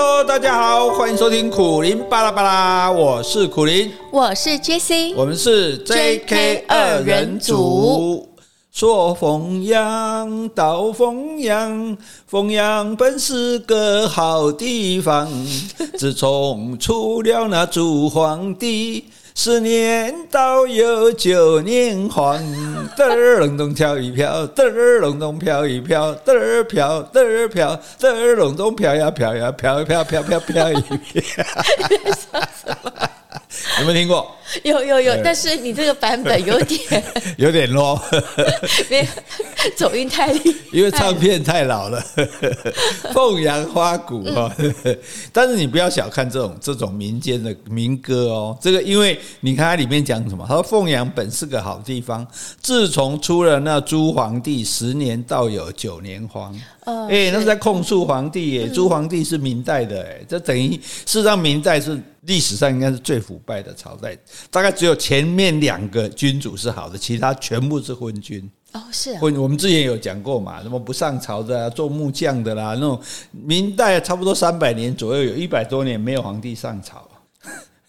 Hello，大家好，歡迎收聽《苦苓巴拉巴拉》，我是苦苓，我是 J C，我們是 J K 二人組。人組說鳳陽，道鳳陽，鳳陽本是個好地方，自從出了那朱皇帝。 十年到有九年荒，嘚兒隆咚飄一飄，嘚兒隆咚飄一飄，嘚兒飄嘚兒飄，嘚兒隆咚飄呀飄呀飄，飄飄飄飄飄一飄。你在笑什麼？有沒有聽過？有有有，嗯、但是你這個版本有點 有點 low，走音太厲害。 因為唱片太老了， 鳳花《鳳陽花鼓》但是你不要小看這種這種民間的民歌哦。這個，因為你看它裡面講什麼，它說鳳陽本是個好地方，自從出了那朱皇帝，十年倒有九年荒。哎、欸，那是在控訴皇帝耶！嗯、朱皇帝是明代的，哎，這等於事實上明代是歷史上應該是最腐敗的朝代。大概只有前面兩個君主是好的，其他全部是昏君。哦，是昏、啊。我們之前有講過嘛，什麼不上朝的、啊，做木匠的啦，那種明代差不多三百年左右，有一百多年沒有皇帝上朝。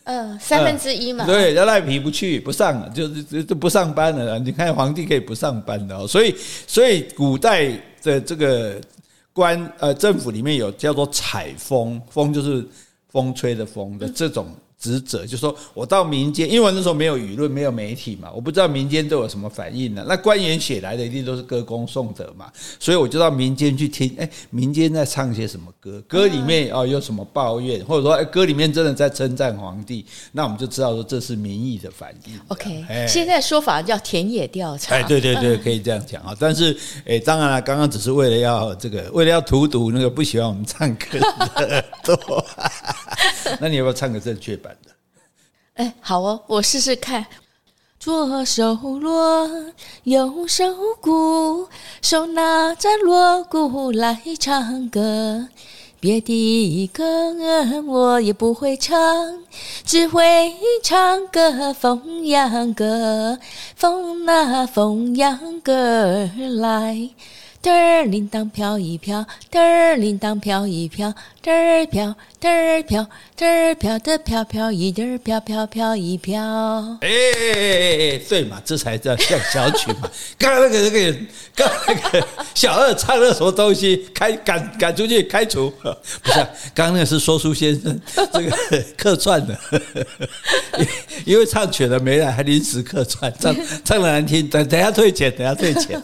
嗯、呃，三分之一嘛。呃、對，要賴皮不去不上，就是不上班了。你看皇帝可以不上班的，哦，所以所以古代。在這個官呃，政府裡面有叫做采風，風就是風吹的風的這種。職責就說，我到民間，因為我那時候沒有輿論，沒有媒體嘛，我不知道民間都有什麼反應呢、啊。那官員寫來的一定都是歌功頌德嘛，所以我就到民間去聽，哎、欸，民間在唱些什麼歌？歌裡面哦有什麼抱怨，或者說哎、欸、歌裡面真的在稱讚皇帝？那我們就知道說這是民意的反應。OK、欸、現在說法叫田野調查。哎、欸，對對對，嗯、可以這樣講啊。但是哎、欸，當然了、啊，剛剛只是為了要這個，為了要荼毒那個不喜歡我們唱歌的耳朵。 那你有沒有唱個正確版？哎，好哦，我試試看。左手鑼，右手鼓，手拿着鑼鼓來唱歌。別的歌我也不會唱，只會唱個鳳陽歌。鳳那鳳陽歌來，嘚兒鈴鐺飄一飄，嘚兒鈴鐺飄一飄。嘚兒飄，嘚兒飄，嘚兒飄的飄飄，一嘚兒飄飄飄一飄。哎哎哎哎哎，對嘛，這才叫像小曲嘛。剛剛那個那個，剛那個小二唱了什麼東西，開趕趕出去，開除。不是，剛剛那是說書先生，這個客串的，因為唱曲了，沒了，還臨時客串，唱唱的難聽，等等下退錢，等下退錢。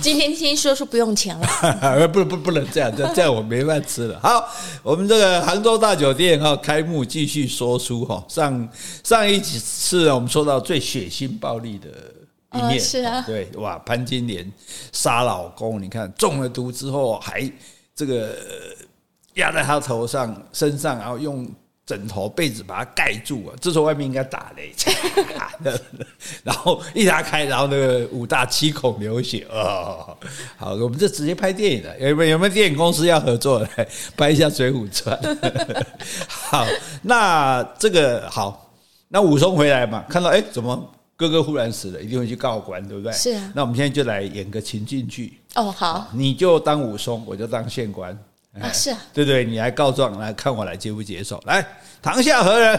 今天聽說書不用錢了。不不不能這樣，這樣我沒飯吃了。好，我們這個杭州大酒店哈開幕，繼續說書哈。上上一次我們說到最血腥暴力的一面，呃、是啊，對，哇，潘金蓮殺老公，你看中了毒之後還這個壓在她頭上身上，然後用。枕頭被子把它蓋住啊！這時候外面應該打雷，叉叉叉，然後一拉開，然後那個武大七孔流血哦，好，我們就直接拍電影了。有沒有，有沒有電影公司要合作的？來拍一下水，《水滸傳》。好，那這個好，那武松回來嘛，看到哎、欸，怎麼哥哥忽然死了，一定會去告官，對不對？是啊。那我們現在就來演個情景劇。哦，好、啊，你就當武松，我就當縣官。啊，是啊，對對，你來告狀，來看我來接不接受？來，堂下何人？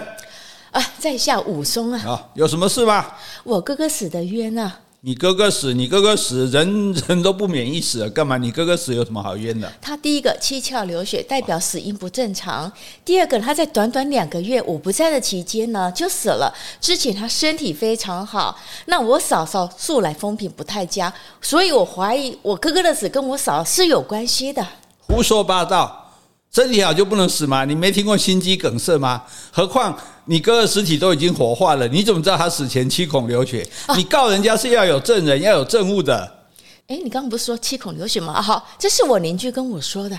啊，在下武松啊。好、哦，有什麼事嗎？我哥哥死得冤啊！你哥哥死，你哥哥死，人人都不免一死，幹嘛？你哥哥死有什麼好冤的？他第一個七竅流血，代表死因不正常。哇第二個，他在短短兩個月我不在的期間呢，就死了，之前他身體非常好。那我嫂嫂素來風評不太佳，所以我懷疑我哥哥的死跟我嫂是有關係的。胡說八道！身體好就不能死嗎？你沒聽過心肌梗塞嗎？何況你哥的屍體都已經火化了，你怎麼知道他死前七孔流血？啊、你告人家是要有證人，要有證物的。哎、欸，你剛不是說七孔流血嗎？啊、好，這是我鄰居跟我說的。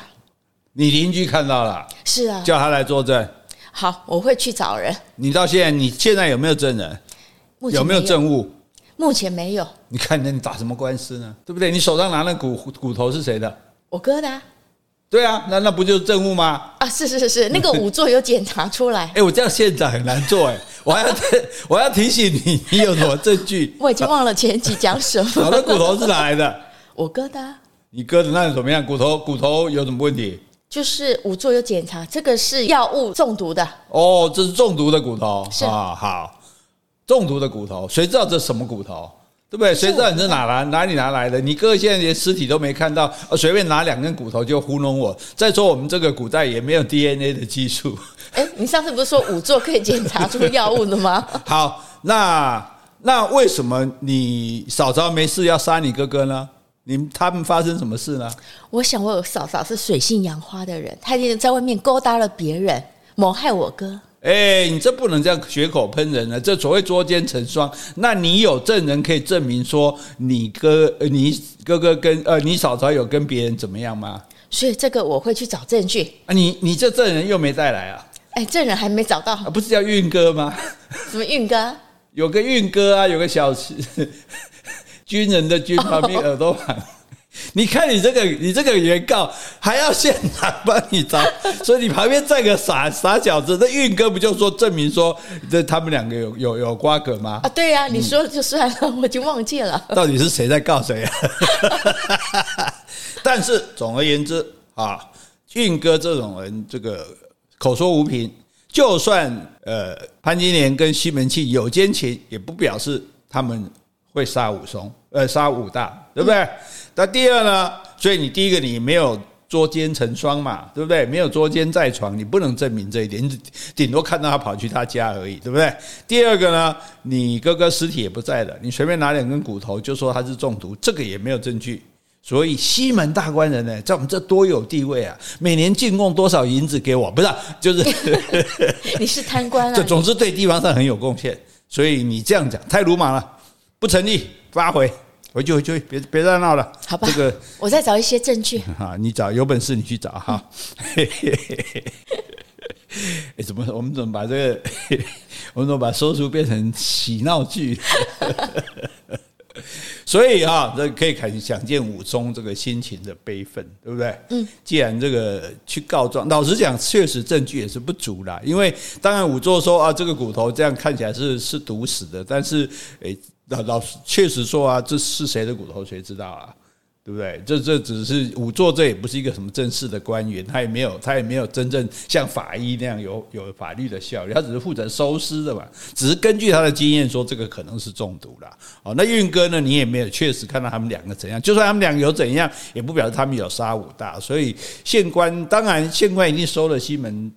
你鄰居看到了？是啊，叫他來作證。好，我會去找人。你到現在，你現在有沒有證人？沒有，有沒有證物？目前沒有。你看那你打什麼官司呢？對不對？你手上拿那骨骨頭是誰的？我哥的。對啊，那那不就是證物嗎？啊，是是是是，那個仵作有檢查出來。誒、 欸、我這樣現在很難做誒、欸、我還要 我還要提醒你，你有什麼證據？我已經忘了前幾講什麼了。我的 骨頭是哪來的？我割的、啊。你割的那是什麼樣？骨頭骨頭有什麼問題？就是仵作有檢查，這個是藥物中毒的。哦，這是中毒的骨頭是啊，好，中毒的骨頭，誰知道這是什麼骨頭？對不對？不是誰知道你是哪來？哪裡拿來的？你哥哥現在連屍體都沒看到，隨便拿兩根骨頭就糊弄我。再說我們這個古代也沒有 DNA 的技術。誒，你上次不是說仵作可以檢查出藥物的嗎？ 好，那那為什麼你嫂嫂沒事要殺你哥哥呢？你他們發生什麼事呢？我想我嫂嫂是水性楊花的人，她已經在外面勾搭了別人，謀害我哥。哎、欸，你這不能這樣血口噴人了。這所謂捉奸成雙，那你有證人可以證明說你哥、你哥哥跟呃你嫂嫂有跟別人怎麼樣嗎？所以這個我會去找證據啊。你你這證人又沒帶來啊？哎、欸，證人還沒找到。啊、不是叫鄆哥嗎？什麼鄆哥？ 有個鄆哥啊，有個小 軍人的軍旁邊耳朵旁。Oh. 你看，你這個，你這個原告還要現場幫你招。所以你旁邊站個傻傻小子，那運哥不就說證明說，這他們兩個有有有瓜葛嗎？啊，對呀、啊，嗯、你說就算、是、了，我就忘記了。到底是誰在告誰？啊。 但是總而言之啊，運哥這種人，這個口說無憑，就算呃潘金蓮跟西門慶有奸情，也不表示他們會殺武松。呃，殺武大，對不對？那、嗯、第二呢？所以你第一個，你沒有捉奸成雙嘛，對不對？沒有捉奸在床，你不能證明這一點。你頂多看到他跑去他家而已，對不對？第二個呢，你哥哥屍體也不在了，你隨便拿兩根骨頭就說他是中毒，這個也沒有證據。所以西門大官人呢，在我們這多有地位啊，每年進貢多少銀子給我？不是，就是 你是貪官、啊，就總之對地方上很有貢獻。所以你這樣講太魯莽了，不成立，發回。回去回去，別別再鬧了。好吧，這個我再找一些證據。啊，你找有本事你去找哈。哎、嗯欸，怎麼我們怎麼把這個我們怎麼把說書變成喜鬧劇？ 所以啊，這可以看想見武松這個心情的悲憤，對不對？嗯，既然這個去告狀，老實講，確實證據也是不足啦。因為當然仵作說啊，這個骨頭這樣看起來是是毒死的，但是、欸老實確實說啊，這是誰的骨頭，誰知道啊？對不對？這這只是仵作，武這也不是一個什麼正式的官員，他也沒有，他也沒有真正像法醫那樣有有法律的效力，他只是負責收屍的嘛，只是根據他的經驗說這個可能是中毒了。哦，那鄆哥呢？你也沒有確實看到他們兩個怎樣？就算他們倆有怎樣，也不表示他們有殺武大。所以縣官，當然縣官一定收了西門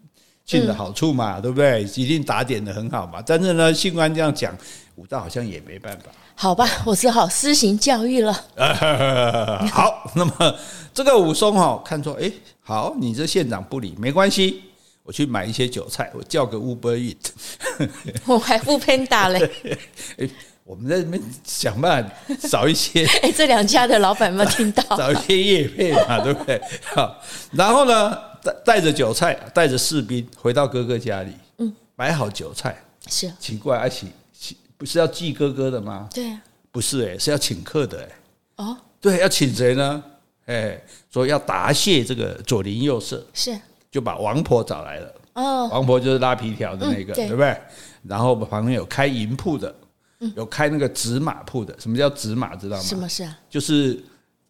慶的好處嘛，嗯、對不對？一定打點得很好嘛。但是呢，縣官這樣講。武道好像也沒辦法，好吧，我只好私刑教育了。好，那麼這個武松哦，看說哎、欸，好，你這縣長不理沒關係，我去買一些韭菜，我叫個 Uber Eat，我還 foodpanda 嘞。我們在裡面想辦法找一些，哎、欸，這兩家的老板有沒有聽到，找一些業配嘛， 對不對？好，然後呢，帶帶着韭菜，帶着士兵回到哥哥家裡，嗯，買好韭菜，是奇怪阿奇。是要祭哥哥的嗎？對、啊、不是哎、欸，是要請客的哎、欸。哦，對，要請誰呢？哎、欸，說要答謝這個左鄰右舍，是就把王婆找來了。哦，王婆就是拉皮條的那個，嗯、對不對？然後旁邊有開銀鋪的，嗯、有開那個紙馬鋪的。什麼叫紙馬？知道嗎？什麼事？啊？就是。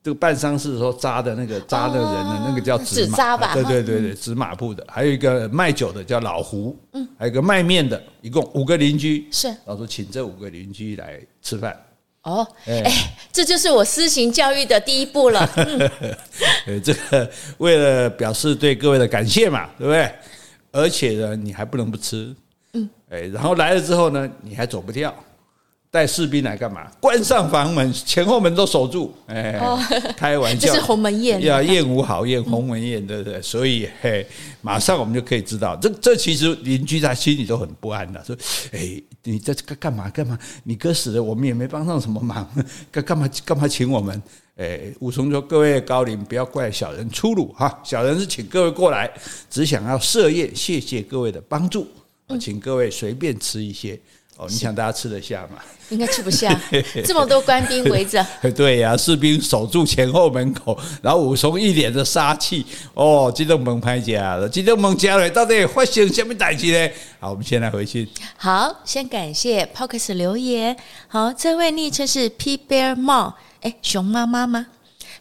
這個辦喪事的時候扎的那個，扎的人呢，那個叫紙扎吧？對對對對，紙馬鋪的。還有一個賣酒的叫老胡，嗯，還有一個賣麵的，一共五個鄰居是，然後說請這五個鄰居來吃飯。哦，哎，這就是我私刑教育的第一步了。呃，這個為了表示對各位的感謝嘛，對不對？而且呢，你還不能不吃，嗯，哎，然後來了之後呢，你還走不掉。帶士兵來幹嘛？關上房門，前後門都守住。哎、欸，哦、開玩笑，這是鴻門宴，啊。呀！宴無好宴，鴻、嗯、門宴，對不對？所以，嘿、欸，馬上我們就可以知道，這這其實鄰居在心裡都很不安的，啊。說，哎、欸，你這幹幹嘛？幹嘛？你哥死了，我們也沒幫上什麼忙，幹幹嘛？幹嘛請我們？哎、欸，武松說：“各位高鄰，不要怪小人粗魯哈，小人是請各位過來，只想要設宴，謝謝各位的幫助，請各位隨便吃一些。”哦，你想大家吃得下嗎？應該吃不下， 這麼多官兵圍着。 對呀、啊，士兵守住前後門口，然後武松一臉的殺氣。哦，今天我們拍家，天我們家嘞，到底會發生什麼大事呢？好，我們現在回去。好，先感謝 p o x k e 留言。好，這位昵稱是 P Bear Mom，哎，熊媽媽嗎？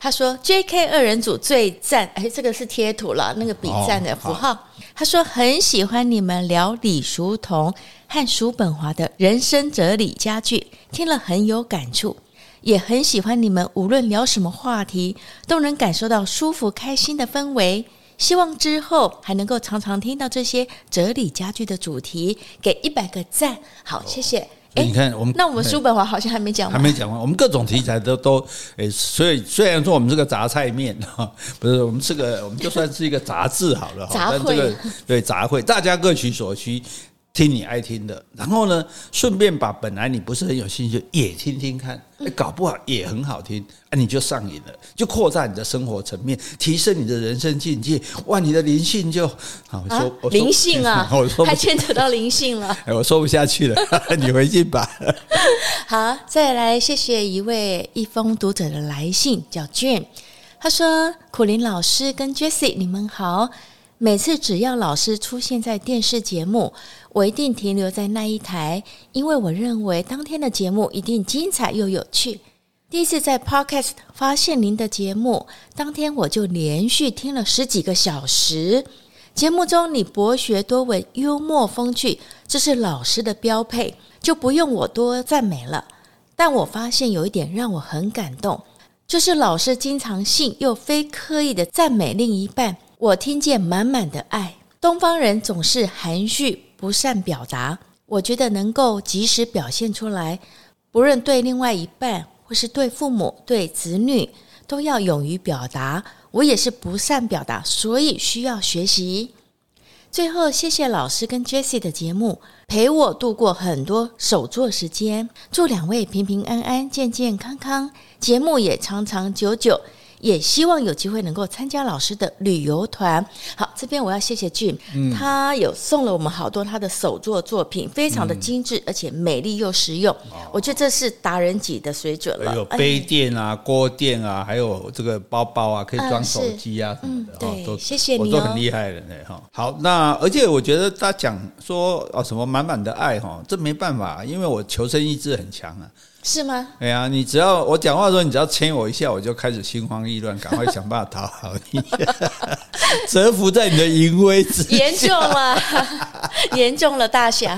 他說：“JK 二人組最贊，哎，這個是貼圖了，那個比贊的符號。哦”他說：“很喜歡你們聊李叔同和叔本華的人生哲理佳句，聽了很有感觸，也很喜歡你們無論聊什麼話題，都能感受到舒服開心的氛圍。希望之後還能夠常常聽到這些哲理佳句的主題，給一百個贊，好，哦、謝謝。”你看，我們那我們叔本華好像還沒講完，還沒講完。我們各種題材都都誒，所以雖然說我們是個雜菜麵啊，不是我們是個，我們就算是一個雜誌好了。雜燴，對，雜燴，大家各取所需。聽你愛聽的，然後呢，順便把本來你不是很有興趣也聽聽看，欸、搞不好也很好聽，啊，你就上癮了，就擴大你的生活層面，提升你的人生境界，哇，你的靈性就……好我說靈、啊、說性啊， 我說不還牽扯到靈性了， 我說不下去了， 你回去信吧。 好，再來謝謝一位一封讀者的來信，叫 Jim，他說：“苦苓老師跟 Jessie，你們好。”每次只要老師出現在電視節目，我一定停留在那一台，因為我認為當天的節目一定精彩又有趣。第一次在 Podcast 發現您的節目，當天我就連續聽了十幾個小時。節目中你博學多聞、幽默風趣，這是老師的標配，就不用我多讚美了。但我發現有一點讓我很感動，就是老師經常性又非刻意的讚美另一半。我聽見滿滿的愛。東方人總是含蓄，不善表達。我覺得能夠及時表現出來，不論對另外一半，或是對父母、對子女，都要勇於表達。我也是不善表達，所以需要學習。最後，謝謝老師跟 Jessie 的節目，陪我度過很多手作時間。祝兩位平平安安、健健康康，節目也長長久久。也希望有機會能夠參加老師的旅遊團。好，這邊我要謝謝俊，嗯嗯、他有送了我們好多他的手作作品，非常的精致，而且美麗又實用。我覺得這是達人級的水準了，哎哎。有杯墊啊，鍋墊啊，還有這個包包啊，可以裝手機啊什麼的。嗯嗯、對，都謝謝你，哦，我都很厲害的哈，哦。好，那而且我覺得他講說啊，哦，什麼滿滿的愛哈，哦，這沒辦法，因為我求生意志很強啊。是嗎？哎呀、啊，你只要我講話的時候，你只要牽我一下，我就開始心慌意亂，趕快想辦法討好你， 折服在你的淫威之下。嚴重了，嚴重了，大俠。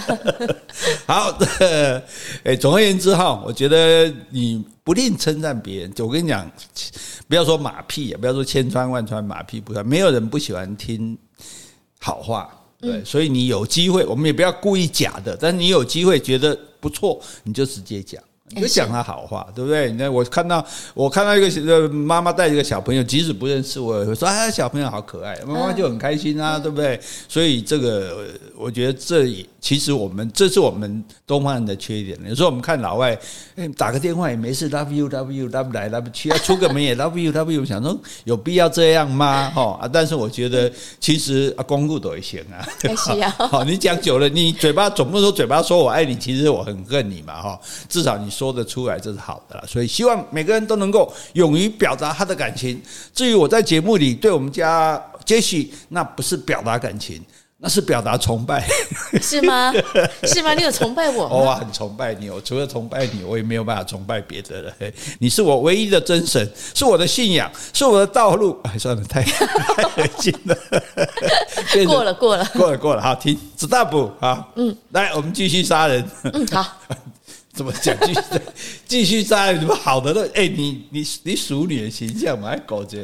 好，哎，總而言之哈，我覺得你不吝稱讚別人，我跟你講，不要說馬屁，也不要說千穿萬穿馬屁不穿，沒有人不喜歡聽好話，對，嗯、所以你有機會，我們也不要故意假的，但你有機會覺得不錯，你就直接講。就講他好話，欸、是對不對？你看我看到，我看到一個媽媽帶着一個小朋友，即使不認識我，我也會說：“啊、哎，小朋友好可愛。”媽媽就很開心啊，嗯、對不對？所以這個，我覺得這也。其實我們這是我們東方人的缺點。有時候我們看老外、欸、打個電話也沒事 ，love you，love you，love 來，love 去、啊，要出個門也 love you，love you，想說有必要這樣嗎？哈、 啊、但是我覺得其實啊，光顧嘴行、欸、啊，不需要。你講久了，你嘴巴總不能說嘴巴說我愛你，其實我很恨你嘛，哈、哦。至少你說得出來，這是好的啦。所以希望每個人都能夠勇於表達他的感情。至於我在節目裡對我們家 Jessy，那不是表達感情。那是表達崇拜，是嗎？ 是嗎？你有崇拜我嗎？我、oh, 很崇拜你。我除了崇拜你，我也沒有辦法崇拜別的了。Hey, 你是我唯一的真神，是我的信仰，是我的道路。哎，算了，太太噁心了。 成過了，過了，過了，過了。好，停，Stop，好，嗯，來，我們繼續殺人。嗯， 好。怎麼講？繼續繼續殺人，什麼好的呢？哎、欸，你你你淑女的形象嘛，還搞這？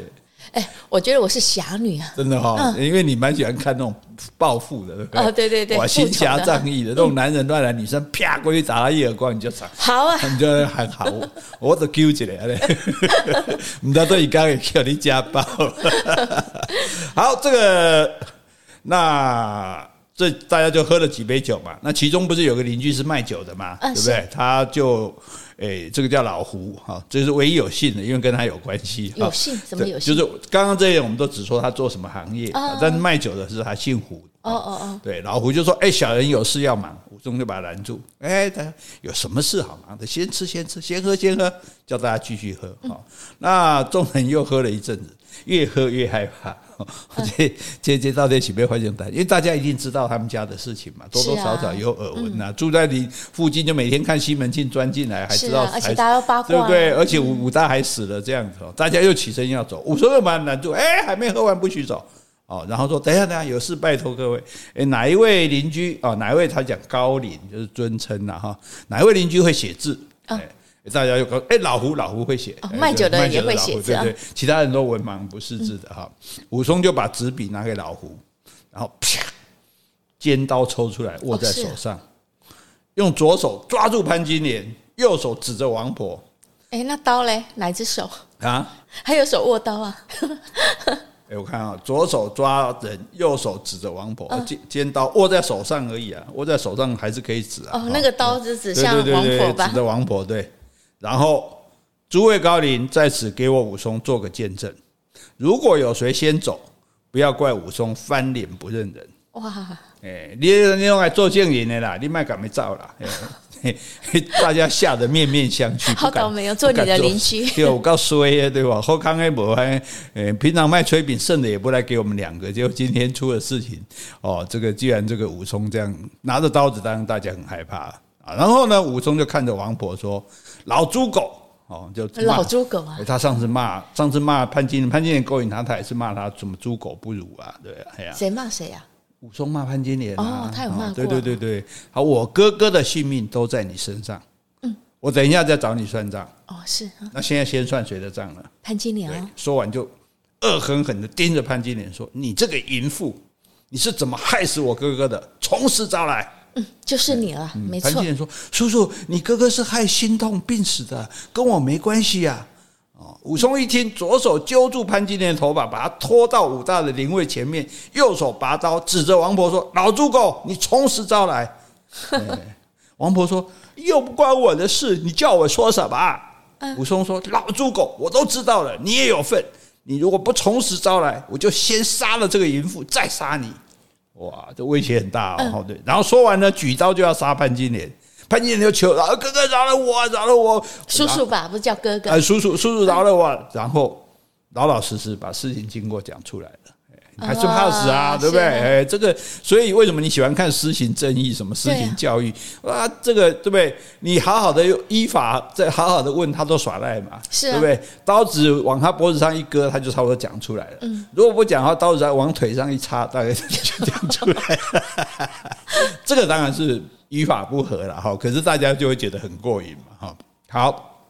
哎、欸，我覺得我是俠女啊，真的哈、哦，嗯、因為你蠻喜歡看那種暴富的，對對哦，對對對，行俠仗義的，那、啊、種男人亂來，女生啪過去打他一耳光，你就爽，好啊，你就還好我， 我都揪起來嘞，你都對人家叫你家暴， 好，這個那。這大家就喝了幾杯酒嘛，那其中不是有個鄰居是賣酒的嘛，啊、對不對？是他就，哎、欸，這個叫老胡哈，這是唯一有姓的，因為跟他有關係。有姓什麼有姓？就是剛剛這些，我們都只說他做什麼行業，啊、但賣酒的是他姓胡。哦哦哦，oh, oh, oh. 對，老胡就說：“哎、欸，小人有事要忙。”武松就把他攔住。欸“哎，他有什麼事好忙？他先吃，先吃，先喝，先喝，叫大家繼續喝。嗯”哈、哦，那眾人又喝了一陣子，越喝越害怕。哦嗯、這這這到底起沒壞念頭？因為大家一定知道他們家的事情嘛，多多少少有耳聞吶、啊。啊嗯、住在你附近，就每天看西門慶鑽進來，還知道，啊、而且大家八卦，對不對？而且武武、嗯、大還死了，這樣子，大家又起身要走，武松又把他攔住。欸“哎，還沒喝完，不許走。”哦，然後說等一下，等一下有事拜託各位，哎，哪一位鄰居、哦、哪一位他講高鄰，就是尊稱了、啊、哈？哪一位鄰居會寫字？哎、哦，大家就哎老胡老胡會寫，賣酒、哦、的人誒對也會寫字對，樣對，其他人都文盲不識字的哈。嗯、武松就把紙筆拿給老胡，然後啪，尖刀抽出來握在手上，哦啊、用左手抓住潘金蓮，右手指着王婆。哎，那刀嘞？哪只手啊？還有手握刀啊？ 我看啊，左手抓人，右手指着王婆，尖、哦、尖刀握在手上而已啊，握在手上還是可以指啊。哦，哦，那個刀是指向王婆吧？對對對，指着王婆，對。然後諸位高鄰在此給我武松做個見證，如果有誰先走，不要怪武松翻臉不認人。哇！哎、欸，你你用來做證人的啦，你賣乾咪照啦。 嘿， 大家嚇得面面相覷。好倒霉，做你的鄰居。就 我夠衰耶，對吧？後康爺婆還，呃、欸，平常賣炊餅剩的也不來給我們兩個。結果今天出了事情，哦，這個既然這個武松這樣拿着刀子，當然大家很害怕啊。然後呢，武松就看着王婆說：“老豬狗哦，就老豬狗啊！”哦、他上次罵，上次罵潘金，潘金蓮勾引他，他也是罵他什麼豬狗不如啊，對呀、啊。誰罵誰呀？誰武松罵潘金蓮啊、哦，他有罵過、哦。對對對對，好，我哥哥的性命都在你身上。嗯，我等一下再找你算賬。哦，是、啊。那現在先算誰的賬呢？潘金蓮、哦。說完就惡狠狠的盯着潘金蓮說：“你這個淫婦，你是怎麼害死我哥哥的？從實招來。”嗯，就是你了，對嗯、沒錯。潘金蓮說：“叔叔，你哥哥是害心痛病死的，跟我沒關係呀、啊。”武松一聽，左手揪住潘金蓮的頭髮，把她拖到武大的靈位前面，右手拔刀指着王婆說：“老豬狗，你從實招來。 哎”王婆說：“又不關我的事，你叫我說什麼？”嗯、武松說：“老豬狗，我都知道了，你也有份。你如果不從實招來，我就先殺了這個淫婦，再殺你。”哇，這威脅很大哦。嗯、對，然後說完呢，舉刀就要殺潘金蓮。看見就求哥哥饒了我，饒了我叔叔吧，不叫哥哥、呃？叔叔，叔叔饒了我。嗯、然後老老實實把事情經過講出來了，哎、還是怕死啊？啊對不對？的哎，這個，所以為什麼你喜歡看私刑正義、什麼私刑教育啊，啊？這個對不對？你好好的依法再好好的問他，都耍賴嘛？是、啊，對不對？刀子往他脖子上一割，他就差不多講出來了。嗯、如果不講的話，話刀子再往腿上一插，大概就講出來了。 這個當然是。依法不合了哈，可是大家就會覺得很過癮嘛哈。好，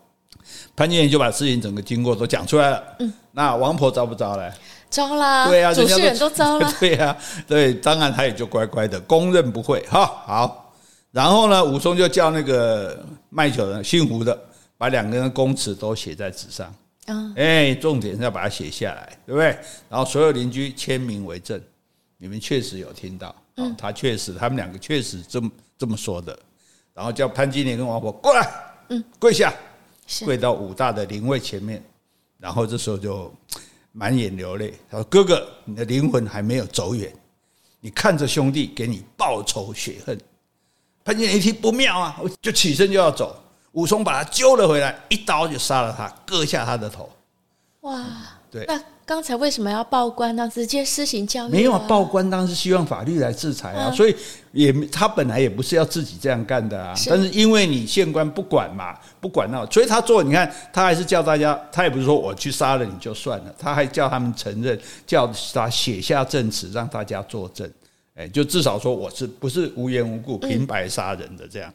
潘金蓮就把事情整個經過都講出來了。嗯，那王婆招不招嘞？招啦了，對啊，主持人都招了都，對啊，對，當然他也就乖乖的，供認不諱。哈。好，然後呢，武松就叫那個賣酒的姓胡的，把兩個人供詞都寫在紙上、嗯誒。重點是要把它寫下來，對不對？然後所有鄰居簽名為證，你們確實有聽到。嗯，他確實，他們兩個確實這麼這麼說的。然後叫潘金蓮跟王婆過來，嗯，跪下，是跪到武大的靈位前面。然後這時候就滿眼流淚，他說：“哥哥，你的靈魂還沒有走遠，你看着兄弟給你報仇雪恨。”潘金蓮一聽不妙啊，我就起身就要走，武松把他揪了回來，一刀就殺了他，割下他的頭。哇，嗯，對。剛才為什麼要報官呢？直接私刑教育、啊、沒有報官，當時希望法律來制裁啊。嗯、所以也他本來也不是要自己這樣幹的啊。是但是因為你縣官不管嘛，不管那，所以他做你看，他還是叫大家，他也不是說我去殺了你就算了，他還叫他們承認，叫他寫下證詞讓大家作證。哎，就至少說我是不是無緣無故平白殺人的這樣。嗯、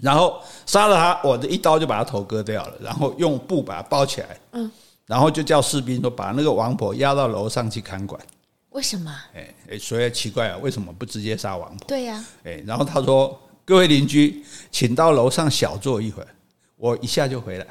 然後殺了他，我的一刀就把他頭割掉了，然後用布把他包起來。嗯。然後就叫士兵說：“把那個王婆押到樓上去看管。”為什麼？哎哎，所以奇怪啊，為什麼不直接殺王婆？對呀。啊，哎，然後他說：“各位鄰居，請到樓上小坐一會兒。”我一下就回來，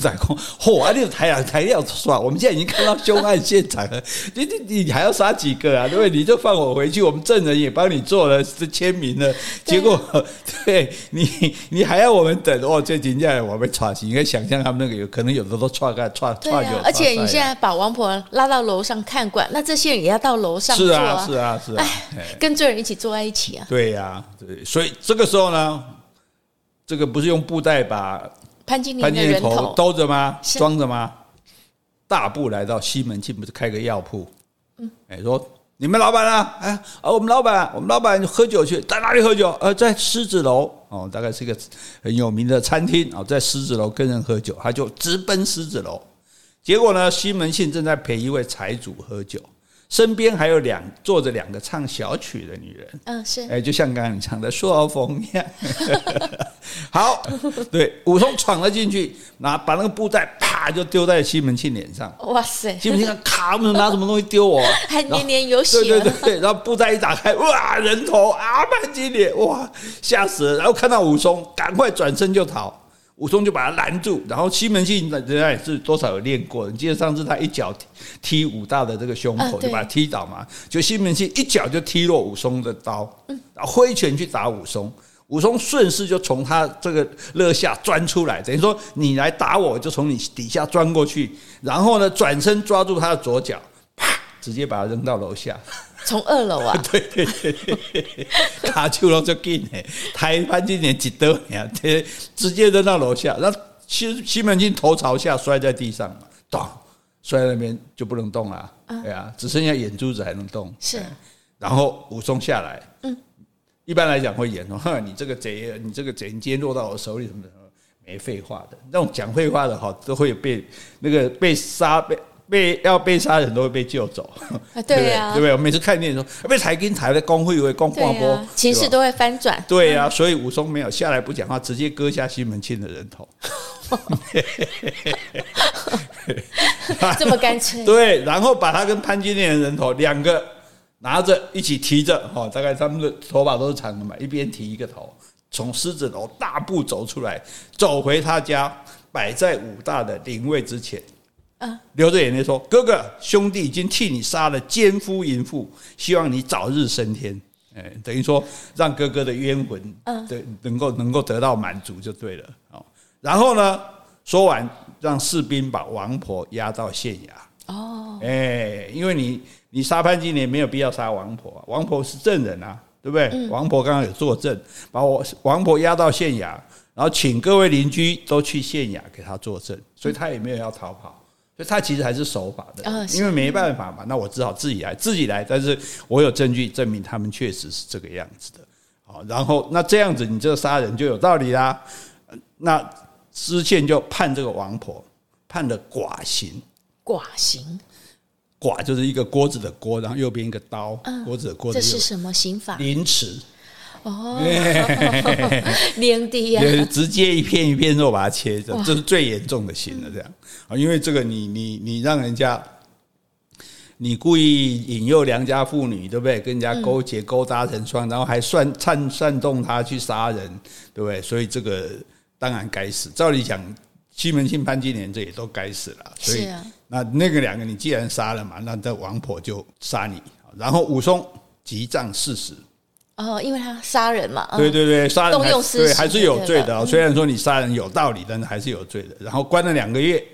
在空，嚯！你還要還要抓？我們現在已經看到兇案現場了你，你你你還要殺幾個啊？對不對？你就放我回去，我們證人也幫你做了這簽名了。結果，對、啊、對你，你還要我們等？哦，這今天我們串，你看，想象他們那個有可能有的都串開串串酒。啊、耍耍而且你現在把王婆拉到樓上看管，那這些人也要到樓上坐啊，是啊，是啊，是啊，唉跟罪人一起坐在一起啊？對呀、啊，所以這個時候呢。這個不是用布袋把潘金蓮的頭兜着嗎？是裝着嗎？大步來到西門慶，不是開個藥鋪？嗯，哎，說你們老板呢、啊？哎，我們老板，我們老板喝酒去，在哪裡喝酒？呃、啊，在獅子樓哦，大概是一個很有名的餐廳哦，在獅子樓跟人喝酒，他就直奔獅子樓。結果呢，西門慶正在陪一位財主喝酒。身邊還有兩坐着兩個唱小曲的女人，嗯是，哎，就像剛剛你唱的《朔風》一樣。 好，對，武松闖了進去，拿把那個布袋，啪就丟在西門慶臉上。哇塞，西門慶，看，卡，我們拿什麼東西丟我、啊？還年年有血，對對對對，然後布袋一打開，哇，人頭啊，潘金蓮，哇，嚇死了。然後看到武松，趕快轉身就逃。武松就把他攔住，然後西門慶那人家也是多少有練過的，你記得上次他一腳踢武大的這個胸口，就把他踢倒嘛。啊、就西門慶一腳就踢落武松的刀，嗯、然後揮拳去打武松，武松順勢就從他這個肋下鑽出來，等於說你來打我，我就從你底下鑽過去，然後呢，轉身抓住他的左腳，啪，直接把他扔到樓下。從二樓啊，對 對對對，他跳得就緊嘞，台灣今年幾多呀？直接扔到樓下，那西西門慶頭朝下摔在地上，咚，摔在那邊就不能動了，啊。啊對啊，只剩下眼珠子還能動。是。然後武松下來，嗯，一般來講會演說：“哈，你這個賊，你這個賊，今天落到我手裡什麼什麼沒廢話的。那種講廢話的，話都會被那個被殺被。”被要被殺的人都會被救走啊，對啊，對不對？我每次看電、啊、視，因為財經台的工會會公廣播，情勢都會翻轉。對，對啊，所以武松沒有下來不講話，直接割下西門慶的人頭，這麼乾脆。對，然後把他跟潘金蓮的人頭兩個拿着一起提着，哈、哦，大概他們的頭髮都是長的嘛，一邊提一個頭，從獅子樓大步走出來，走回他家，擺在武大的靈位之前。流着眼淚說：“哥哥，兄弟已經替你殺了奸夫淫婦，希望你早日升天。”欸哎，等於說讓哥哥的冤魂，對、嗯，能夠能夠得到滿足就對了。哦，然後呢，說完讓士兵把王婆押到縣衙。哦，哎、欸，因為你你殺潘金蓮沒有必要殺王婆、啊，王婆是證人啊，對不對？嗯、王婆剛剛有作證，把我王婆押到縣衙，然後請各位鄰居都去縣衙給他作證，所以他也沒有要逃跑。他其實還是守法的，因為沒辦法嘛，那我只好自己來，自己來。但是我有證據證明他們確實是這個樣子的，好，然後那這樣子你這個殺人就有道理啦。那知縣就判這個王婆判的剮刑，剮刑，剮就是一個鍋子的鍋，然後右邊一個刀，鍋子的鍋，這是什麼刑法？凌遲。哦，凌遲啊，對，直接一片一片肉把它切着，哇這是最嚴重的刑了。這樣啊，因為這個你你你讓人家，你故意引誘良家婦女，對不對？跟人家勾結勾搭成雙，嗯、然後還算煽動他去殺人，對不對？所以這個當然該死。照理講，西門慶、潘金蓮這也都該死了。所以、啊、那那個兩個你既然殺了嘛，那這王婆就殺你。然後武松脊杖四十。哦，因為他殺人嘛，嗯、對對對，殺人還對還是有罪的。雖然說你殺人有道理，但是還是有罪的。然後關了兩個月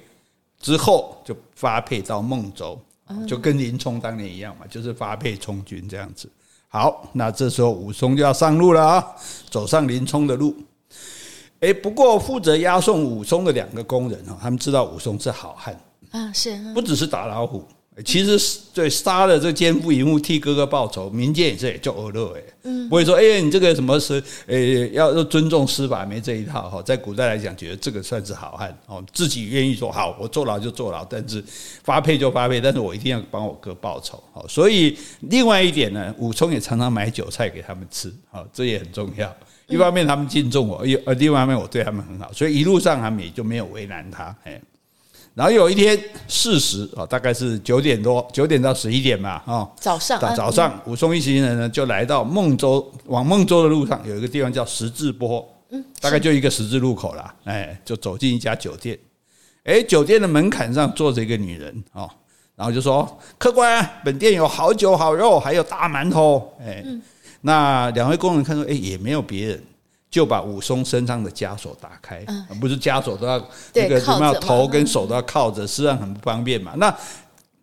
之後，就發配到孟州，就跟林沖當年一樣嘛，就是發配充軍這樣子。好，那這時候武松就要上路了啊、哦，走上林沖的路。哎，不過負責押送武松的兩個公人哈，他們知道武松是好漢、嗯、是啊，是不只是打老虎。其實，對殺了這奸夫淫婦，替哥哥報仇，民間也是也就惡人，誒，不會說哎呀你這個什麼是誒要要尊重司法沒這一套哈，在古代來講覺得這個算是好漢哦，自己願意說好，我坐牢就坐牢，但是發配就發配，但是我一定要幫我哥報仇。好、哦，所以另外一點呢，武松也常常買酒菜給他們吃，好、哦，這也很重要。一方面他們敬重我，又呃，另外一方面我對他們很好，所以一路上他們也就沒有為難他。然後有一天四十，巳時啊，大概是九點多，九點到十一點吧，啊，早上，早上，嗯、武松一行人呢，就來到孟州，往孟州的路上有一個地方叫十字坡，嗯，大概就一個十字路口了，哎，就走進一家酒店，哎，酒店的門檻上坐着一個女人，哦，然後就說，客官、啊，本店有好酒、好肉，還有大饅頭，哎，嗯、那兩位公人看到，哎，也沒有別人。就把武松身上的枷鎖打開，不是枷鎖都要那個什麼、嗯、頭跟手都要靠着，實際上很不方便嘛。那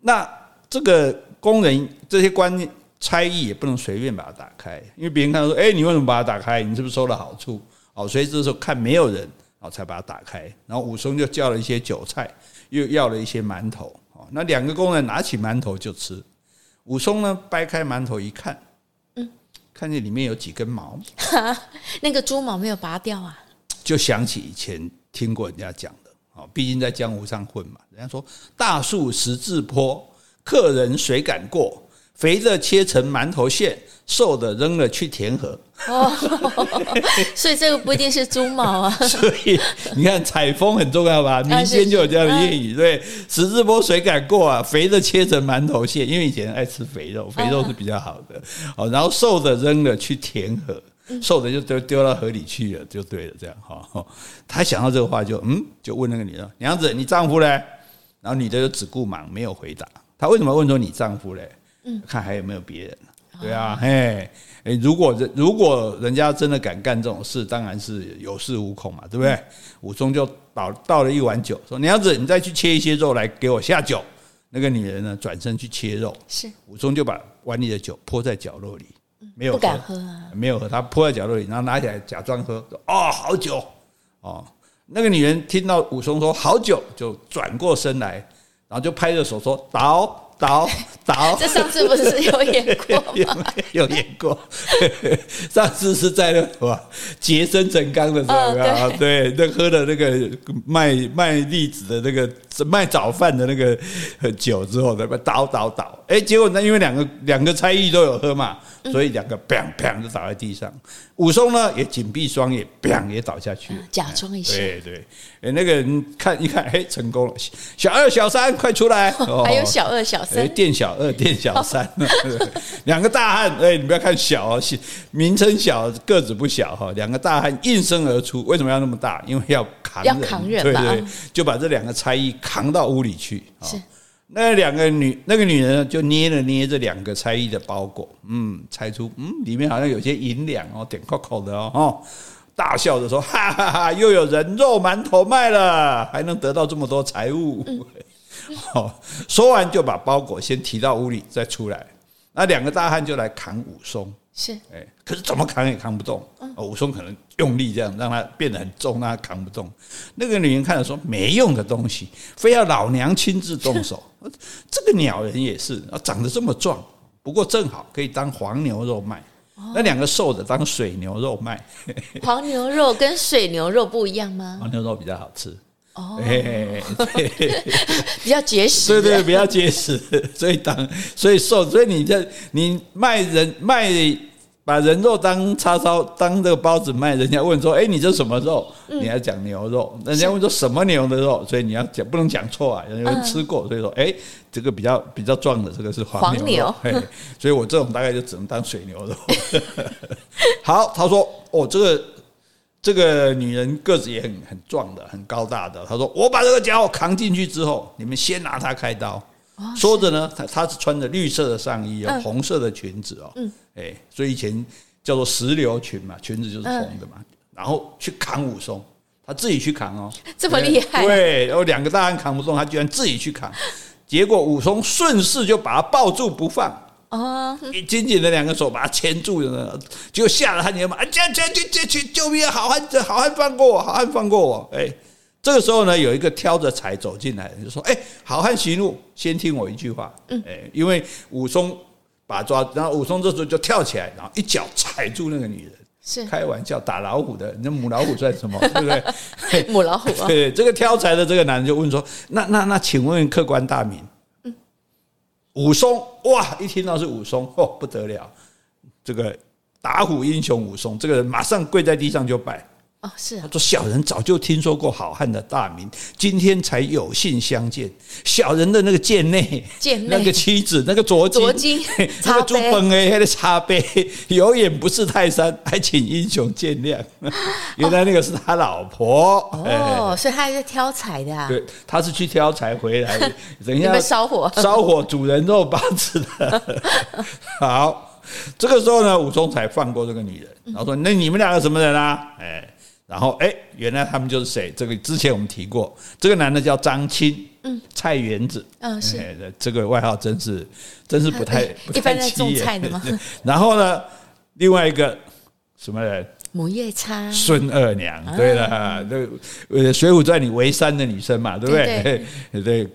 那這個公人這些官差役也不能隨便把它打開，因為別人看到說：“哎，你為什麼把它打開？你是不是收了好處？”哦，所以這時候看沒有人，然、哦、才把它打開。然後武松就叫了一些酒菜，又要了一些饅頭。哦，那兩個公人拿起饅頭就吃。武松呢，掰開饅頭一看。看見裡面有幾根毛，那個豬毛沒有拔掉啊，就想起以前聽過人家講的啊，畢竟在江湖上混嘛，人家說大樹十字坡，客人誰敢過？肥的切成饅頭餡，瘦的扔了去填河。哦，所以這個不一定是豬毛啊。 所以你看採風很重要吧？民間就有這樣的諺語，對？十字坡誰敢過啊？肥的切成饅頭餡，因為以前愛吃肥肉，肥肉是比較好的。哦，然後瘦的扔了去填河，瘦的就丢丟到河裡去了，就對了，這樣。哈，他想到這個話就嗯，就問那個女的：“娘子，你丈夫嘞？”然後女的就只顧忙，沒有回答。他為什麼問說你丈夫嘞？嗯，看還有沒有別人？對啊，哦、嘿。欸、如果人如果人家真的敢幹這種事，當然是有恃無恐嘛，對不對？武松就倒倒了一碗酒，說：“娘子，你再去切一些肉來給我下酒。”那個女人呢，轉身去切肉。是。武松就把碗裡的酒潑在角落裡，沒有喝，不敢喝啊、沒有喝，他潑在角落裡，然後拿起來假裝喝，說：“哦，好酒哦。”那個女人聽到武松說“好酒”，就轉過身來，然後就拍着手說：“倒！”倒倒！倒，這上次不是有演過嗎？有，有演過。 上次是在那個《劫生辰綱》的時候，哦、對，那喝了那個賣賣栗子的那個賣早飯的那個酒之後，倒倒倒？哎，結果呢，因為兩個兩個差役都有喝嘛，所以兩個砰砰、嗯呃呃、就倒在地上。武松呢也緊閉雙眼，砰也、呃、也倒下去了，假裝一下。對對，哎，那個人看一看，哎，成功了。小二、小三，快出來！哦、還有小二小三、小。哎、欸，店小二、店小三，兩、哦、 個大漢。哎、欸，你不要看小哦，哦名稱小，個子不小哈、哦。兩個大漢應聲而出，為什麼要那麼大？因為要扛人，要扛人。對，對對，就把這兩個差役扛到屋裡去。是。哦、那兩個女，那個女人呢，就捏了捏這兩個差役的包裹，嗯，猜出，嗯，裡面好像有些銀兩哦，點扣扣的哦，哈，大笑着說，哈，哈哈哈，又有人肉饅頭賣了，還能得到這麼多財物。嗯好、哦，說完就把包裹先提到屋裡，再出來。那兩個大漢就來扛武松，是、欸、可是怎麼扛也扛不動、嗯哦。武松可能用力這樣，讓他變得很重，讓他扛不動。那個女人看了說：“沒用的東西，非要老娘親自動手。是”這個鳥人也是，長得這麼壯，不過正好可以當黃牛肉賣。哦、那兩個瘦的當水牛肉賣。哦、 黃牛肉跟水牛肉不一樣嗎？黃牛肉比較好吃。哦，嘿嘿嘿，比較結實， 對，對對，比較結實，所以當，所以瘦，所以你這你賣人賣把人肉當叉燒，當這個包子賣，人家問說，哎、欸，你這什麼肉？你要講牛肉，嗯、人家問說什麼牛的肉？所以你要講不能講錯啊，人家吃過，所以說，哎、欸，這個比較比較壯的，這個是黃牛，黃牛，所以，我這種大概就只能當水牛肉。 好，他說，哦，這個。這個女人個子也很很壯的，很高大的。她說：“我把這個家伙扛進去之後，你們先拿他開刀。哦”說着呢，她她是穿着綠色的上衣，呃、有紅色的裙子哦，哎、嗯欸，所以以前叫做石榴裙嘛，裙子就是紅的嘛。呃、然後去扛武松，她自己去扛哦，這麼厲害？對，然後兩個大漢扛不動，她居然自己去扛，結果武松順勢就把她抱住不放。你緊緊的兩個手把他牽住呢，就嚇了他娘嘛！啊，這樣這樣去去去，救命、啊！好漢子，好漢放過我，好漢放過我！哎、欸，這個時候呢，有一個挑着柴走進來，就說：“哎、欸，好漢息怒，先聽我一句話。欸”嗯，因為武松把他抓，然後武松這時候就跳起來，然後一腳踩住那個女人，是開玩笑打老虎的，那母老虎算什麼？ 對不對？欸、母老虎。啊。對，這個挑柴的這個男人就問說：“那那那，那那請問客官大名？”武松，哇！一聽到是武松，哦，不得了！這個打虎英雄武松，這個人馬上跪在地上就拜。他說：“小人早就聽說過好漢的大名，今天才有幸相見。小人的那個賤內，賤內那個妻子，那個拙荊，那個珠崩哎，那個茶杯有眼不識泰山，還請英雄見諒。原來那個是他老婆哦，所以他是挑柴的。對，他是去挑柴回來。等一下燒火，燒火煮人肉包子的。好，這個時候呢，武松才放過這個女人。然後說：那你們兩個什麼人啊哎。”然後哎，原來他們就是誰？這個之前我們提過，這個男的叫張青，嗯，菜園子，嗯是，這個外號真是真是不太一般，在種菜的嘛。然後呢，另外一個什麼人？母夜叉孫二娘，對了，水滸傳裡唯三的女生嘛，對不對？對，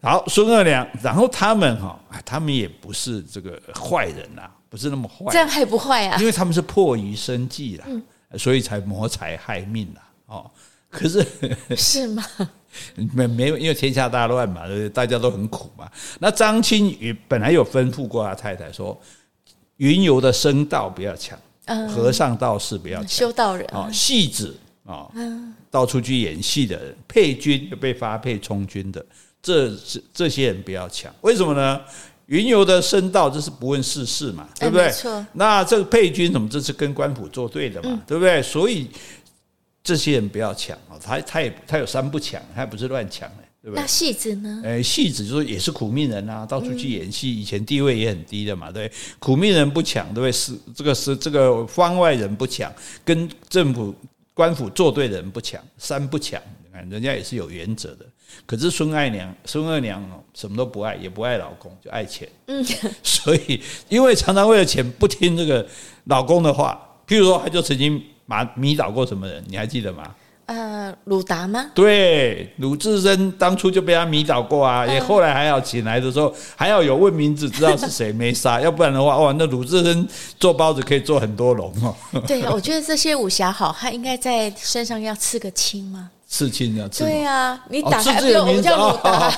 好，孫二娘，然後他們哈，他們也不是這個壞人吶，不是那麼壞，這樣還不壞啊？因為他們是迫於生計啦。所以才謀財害命啊。哦。可是是嗎？沒沒有，因為天下大亂嘛，大家都很苦嘛。那張青本來有吩咐過他太太說，雲遊的僧道不要搶，和尚道士不要搶，修道人啊，戲子啊，到處去演戲的人，配軍被發配充軍的，這這些人不要搶。為什麼呢？雲遊的僧道，這是不問世事嘛，對不對？哎、沒錯，那這個配軍怎麼這是跟官府作對的嘛，嗯、對不對？所以這些人不要搶哦，他他也他有三不搶，他也不是亂搶的，對不對？那戲子呢？哎，戲子就是也是苦命人啊，到處去演戲，以前地位也很低的嘛，對不對？苦命人不搶，對不對？是這個是這個方外人不搶，跟政府官府作對的人不搶，三不搶，看人家也是有原則的。可是孫二娘，孫二娘哦，什麼都不愛，也不愛老公，就愛錢。嗯，所以因為常常為了錢不聽這個老公的話。譬如說，他就曾經迷迷倒過什麼人，你還記得嗎？呃，魯達嗎？對，魯智深當初就被他迷倒過啊，也後來還好醒來的時候，還好有問名字，知道是誰沒殺，要不然的話，哇，那魯智深做包子可以做很多籠哦。對啊，我覺得這些武俠好漢應該在身上要刺個青嗎？刺青啊！對啊，你打開叫、哦、我們叫魯達、哦，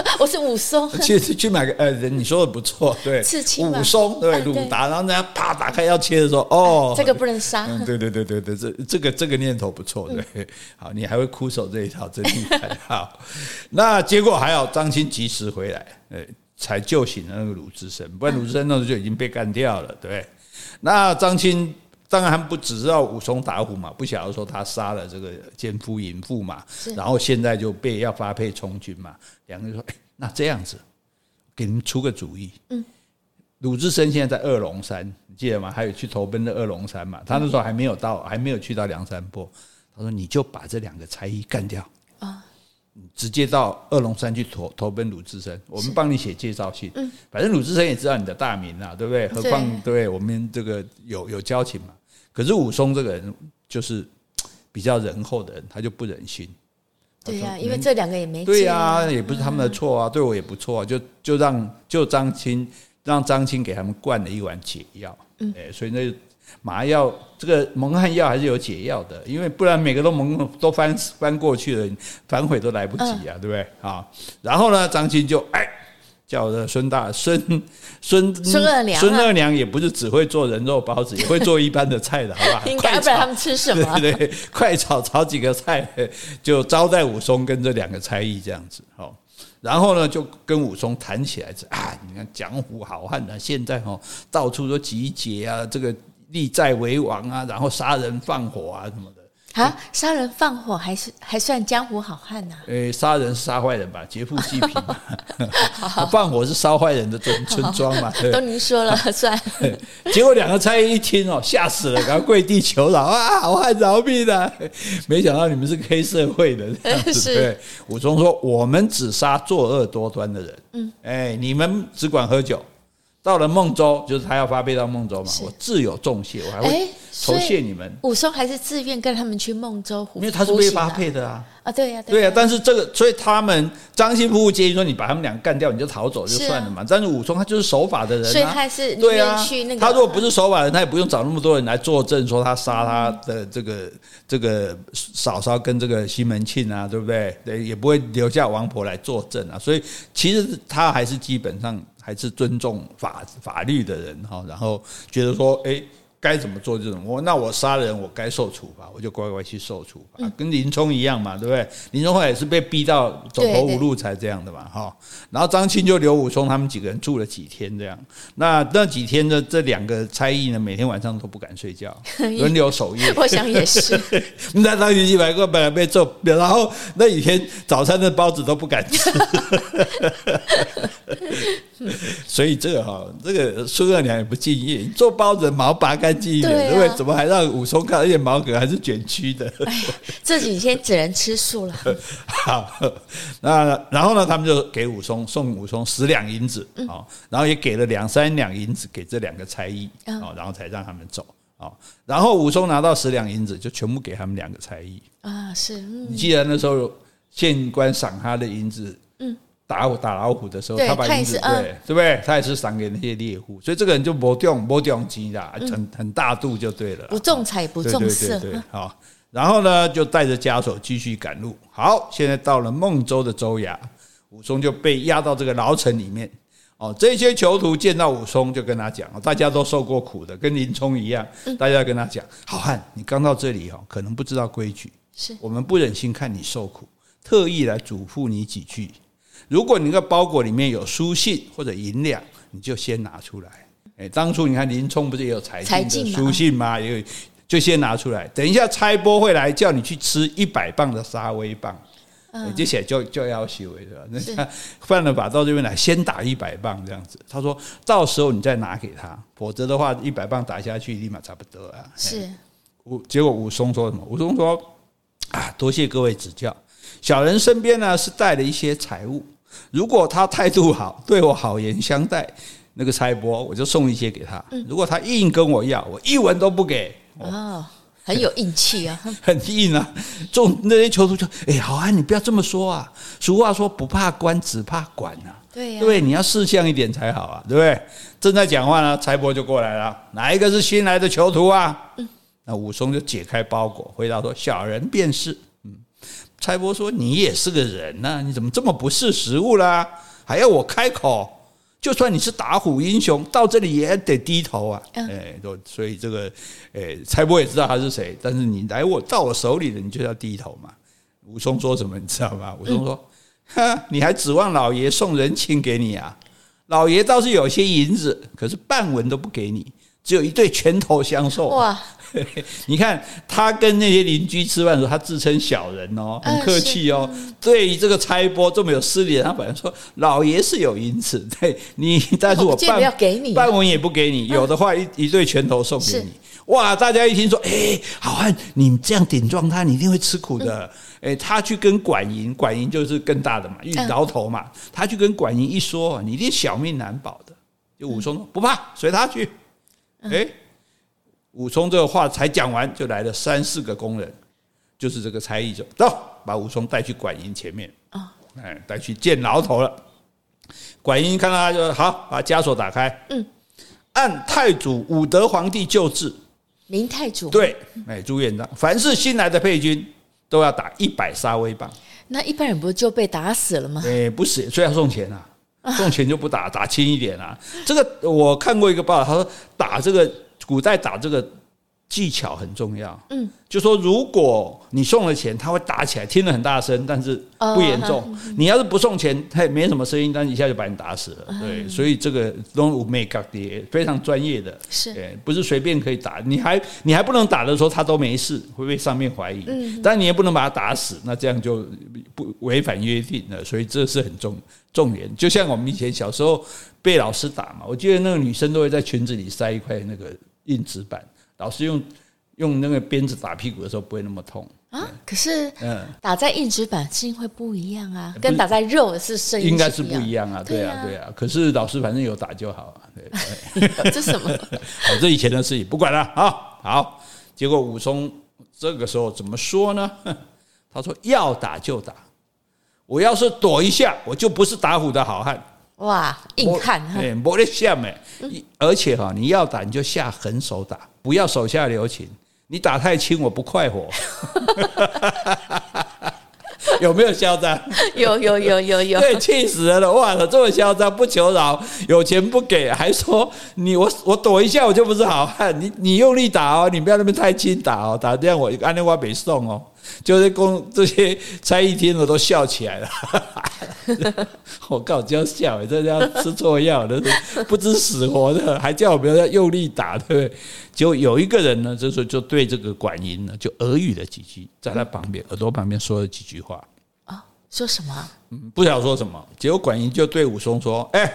哦， 我是武松，去去買個呃、哎，你說的不錯，對，刺青嘛，武松對魯達，然後呢啪打，打開要切的時候，哦，哎、這個不能殺，對對、嗯、對對對，這這個這個念頭不錯，對，嗯、好，你還會枯守這一套，真厲害，好， 那結果還好，張青及時回來，才救醒了那個魯智深，不然魯智深那時就已經被幹掉了，對，那張青。當然，不只知道武松打虎嘛，不曉得說他殺了這個奸夫淫婦嘛，是然後現在就被要發配充軍嘛。兩個人說，欸：“那這樣子，給你們出個主意。”嗯，魯智深現在在二龍山，你記得嗎？還有去投奔的二龍山嘛。他那時候還沒有到，還沒有去到梁山泊。他說：“你就把這兩個差役幹掉。”直接到二龍山去投投奔魯智深，我們幫你寫介紹信，是嗯、反正魯智深也知道你的大名啊，對不對？何況對，對我們這個有有交情嘛。可是武松這個人就是比較仁厚的人，他就不忍心。對呀、啊，因為這兩個也沒、啊、對呀、啊，也不是他們的錯啊，對我也不錯、啊，就就讓就張青讓張青給他們灌了一碗解藥，哎，所以那。麻藥，這個蒙汗藥還是有解藥的，因為不然每個都蒙都翻翻過去了，反悔都來不及啊，對不對？啊、嗯，然後呢，張青就哎叫孫大孫孫孫二娘，孫二、啊、娘也不是只會做人肉包子，也會做一般的菜的，好吧？ 應該不然他們吃什麼？對，對對，快炒炒幾個菜，就招待武松跟這兩個差役這樣子哦。然後呢，就跟武松談起來，是啊，你看江湖好漢啊，現在哦到處都集結啊，這個。利在為王啊，然後殺人放火啊什麼的啊，殺人放火還是還算江湖好漢吶、啊？誒、哎，殺人是殺壞人吧，劫富濟貧， 好好放火是燒壞人的村莊嘛。 好好都您說了算了，結果兩個差役一聽哦，嚇死了，然後跪地求饒啊，好漢饒命啊！沒想到你們是黑社會的，對不 是對？武松說：“我們只殺作惡多端的人， 嗯，哎，你們只管喝酒。”到了孟州，就是他要發配到孟州嘛。是我自有重謝，我還會酬謝你們、欸。武松還是自願跟他們去孟州。因為他是被發配的啊。啊，對呀、啊，對呀。但是這個，所以他們張欣夫婦建議說：“你把他們倆幹掉，你就逃走就算了嘛。啊”但是武松他就是守法的人、啊，所以他還是那個對啊。那個啊他如果不是守法的人，他也不用找那麼多人來作證說他殺他的這個、嗯、這個嫂嫂跟這個西門慶啊，對不對？對，也不會留下王婆來作證啊。所以其實他還是基本上。還是尊重法法律的人哈，然後覺得說，哎，該怎麼做這種？我那我殺人，我該受處罰，我就乖乖去受處罰，嗯、跟林沖一樣嘛，對不對？林沖後來也是被逼到走投無路才這樣的嘛，哈對。然後張青就留武松他們幾個人住了幾天，這樣。那那幾天的這兩個差役呢，每天晚上都不敢睡覺， 輪流守夜。我想也是。那當年一百個本來被揍，然後那幾天早餐的包子都不敢吃。 所以這個哈，這個孫二娘也不敬業，做包子的毛拔乾淨一點，對不、啊、對、哎？怎麼還讓武松看，而且毛根還是捲曲的？自己先只能吃素了。好，那然後呢？他們就給武松送武松十兩銀子，嗯、然後也給了兩三兩銀子給這兩個差役，嗯、然後才讓他們走。然後武松拿到十兩銀子，就全部給他們兩個差役。啊，是、嗯、你記得那時候縣官賞他的銀子，嗯。打打老虎的時候，對他把銀子對，是、呃、對對不對？他也是賞給那些獵戶，所以這個人就不重不重金的，嗯、很很大度就對了。不重財，不重色。好。呵呵然後呢，就帶着枷鎖繼續趕路。好，現在到了孟州的州衙，武松就被押到這個牢城裡面。哦，這些囚徒見到武松，就跟他講、哦，大家都受過苦的，跟林沖一樣。嗯、大家要跟他講，好漢，你剛到這裡哦，可能不知道規矩，是我們不忍心看你受苦，特意來囑咐你幾句。如果你那個包裹裡面有書信或者銀兩，你就先拿出來。哎，當初你看林沖不是也有柴進的書信嗎？有就先拿出來，等一下差撥會來叫你去吃一百棒的殺威棒、欸要是是嗯，你就寫就叫姚啟偉是吧？那犯了法到這邊來，先打一百棒這樣子。他說到時候你再拿給他，否則的話一百棒打下去立馬差不多了、欸是。是武結果武松說什麼？武松說：“啊，多謝各位指教，小人身邊呢是帶了一些財物。”如果他態度好，對我好言相待，那個差撥我就送一些給他。嗯、如果他硬跟我要，我一文都不給。哦，很有硬氣啊！ 很硬啊！中那些囚徒就哎、欸，好漢、啊、你不要這麼說啊！俗話說不怕官，只怕管啊！對啊，對，你要識相一點才好啊！對不對？正在講話呢，差撥就過來了。哪一個是新來的囚徒啊？嗯，那武松就解開包裹，回答說：“小人便是。”差撥說：“你也是個人吶、啊，你怎麼這麼不識時務啦？還要我開口？就算你是打虎英雄，到這裡也得低頭啊！誒、嗯，所、哎、所以這個，誒、哎，差撥也知道他是誰，但是你來我到我手裡的，你就要低頭嘛。武松說什麼？你知道嗎？武松說、嗯：你還指望老爺送人情給你啊？老爺倒是有些銀子，可是半文都不給你。”只有一對拳頭相送哇！ 你看他跟那些鄰居吃飯的時候，他自稱小人哦，啊、很客氣哦。嗯、對於這個差撥這麼有勢力的，他本來說、嗯、老爺是有銀子，對你，但是我半我不要給你半文也不給你，啊、有的話一一對拳頭送給你。是哇！大家一聽說、哎、欸，好漢你這樣頂撞他，你一定會吃苦的。哎、嗯欸，他去跟管營，管營就是更大的嘛，一為老頭嘛，嗯、他去跟管營一說，你一定小命難保的。就武松說不怕，隨他去。哎，武松這個話才講完，就來了三四個公人，就是這個差役，就走，把武松帶去管營前面。哦，哎，帶去見牢頭了。管營看到他就好，把枷鎖打開。嗯，按太祖武德皇帝舊制，明太祖對，哎，朱元璋，凡是新來的配軍都要打一百殺威棒。那一般人不就被打死了嗎？哎，不死，所以要送錢啊。重拳就不打，打輕一點啊！這個我看過一個報道，他說打這個古代，打這個。技巧很重要，嗯，就說如果你送了錢，他會打起來，聽得很大聲，但是不嚴重；哦、你要是不送錢，他也沒什麼聲音，但一下就把你打死了。對，嗯、所以這個都五妹乾爹，非常專業的，是、欸，不是隨便可以打。你還你還不能打的時候，他都沒事，會被上面懷疑；嗯、但你也不能把他打死，那這樣就不違反約定了。所以這是很重重點。就像我們以前小時候被老師打嘛，我記得那個女生都會在裙子裡塞一塊那個硬紙板。老師用用那個鞭子打屁股的時候不會那麼痛啊，可是嗯，打在硬紙板聲音會不一樣啊，嗯、跟打在肉是聲音應該是不一樣啊，對啊對啊。可是老師反正有打就好啊。這 什麼？ 好，這以前的事情不管了啊。好，結果武松這個時候怎麼說呢？他說：“要打就打，我要是躲一下，我就不是打虎的好漢。”哇，硬漢！哎，沒得像。嗯、而且哈、哦，你要打你就下狠手打，不要手下留情。你打太輕，我不快活。 有沒有囂張？有有有有有，有有對，氣死了！哇，這麼囂張，不求饒，有錢不給，還說你我我躲一下我就不是好漢。你你用力打哦，你不要那邊太輕打哦，打這樣我安南花沒送哦。就是公，這些差役聽了都笑起來了， 我靠，要笑！這傢伙吃錯藥了，就是、不知死活的，還叫我不要用力打，對不對？就有一個人呢，就是就對這個管營呢，就耳語了幾句，在他旁邊耳朵旁邊說了幾句話啊、哦，說什麼？嗯，不曉得說什麼。結果管營就對武松說：“哎，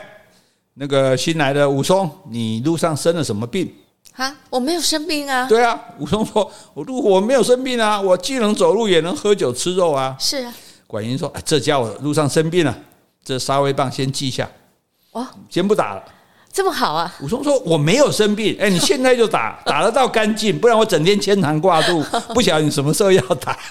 那個新來的武松，你路上生了什麼病？”啊，我沒有生病啊！對啊，武松說：“我如果沒有生病啊，我既能走路也能喝酒吃肉啊。”是啊，管營說：“哎、啊，這家伙路上生病了，這殺威棒先記下，哦、先不打了。”這麼好啊！武松說：“我沒有生病，哎、欸，你現在就打，打得到乾淨，不然我整天牽腸掛肚，不曉得你什麼時候要打。 ”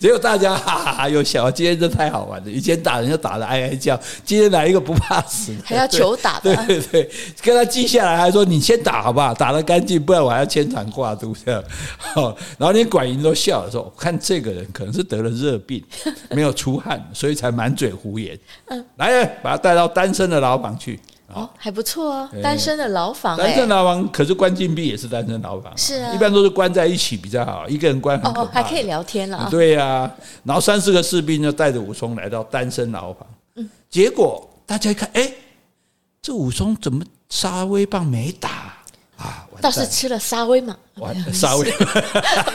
結果大家哈哈哈又笑，今天這太好玩了。以前打人就打得哀哀叫，今天來一個不怕死，還要求打。啊對。對對對，跟他記下來，還說：“你先打好不好，打得乾淨，不然我還要牽腸掛肚的。這樣” 然後連管營都笑的說：“我看這個人可能是得了熱病，沒有出汗，所以才滿嘴胡言。”嗯，來，把他帶到單身。單身的牢房去哦，還不錯哦、啊。單身的牢房、欸，單身牢房可是關禁閉也是單身牢房、啊，是啊，一般都是關在一起比較好，一個人關很可怕哦，還可以聊天了。對呀、啊，然後三四個士兵就帶着武松來到單身牢房。嗯、結果大家一看，哎、欸，這武松怎麼殺威棒沒打啊？啊倒是吃了殺威嘛，殺威。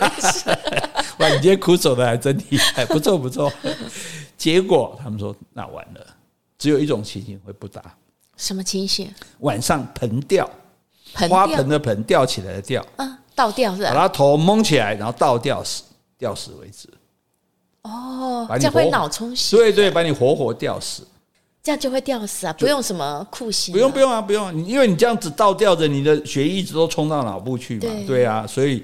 哇，你今天苦守的還真厲害，不錯不錯。 結果他們說，那完了。只有一種情形會不打，什麼情形？晚上盆吊。盆吊？花盆的盆，吊起來的吊。啊，倒吊是吧？把他頭蒙起來，然後倒吊死，吊死為止。哦，這樣會腦充血。對，對對，把你活活吊死，這樣就會吊死啊！不用什麼酷刑。啊，不用不用啊，不用。啊，因為你這樣子倒吊着，你的血一直都衝到腦部去嘛，對，對啊，所以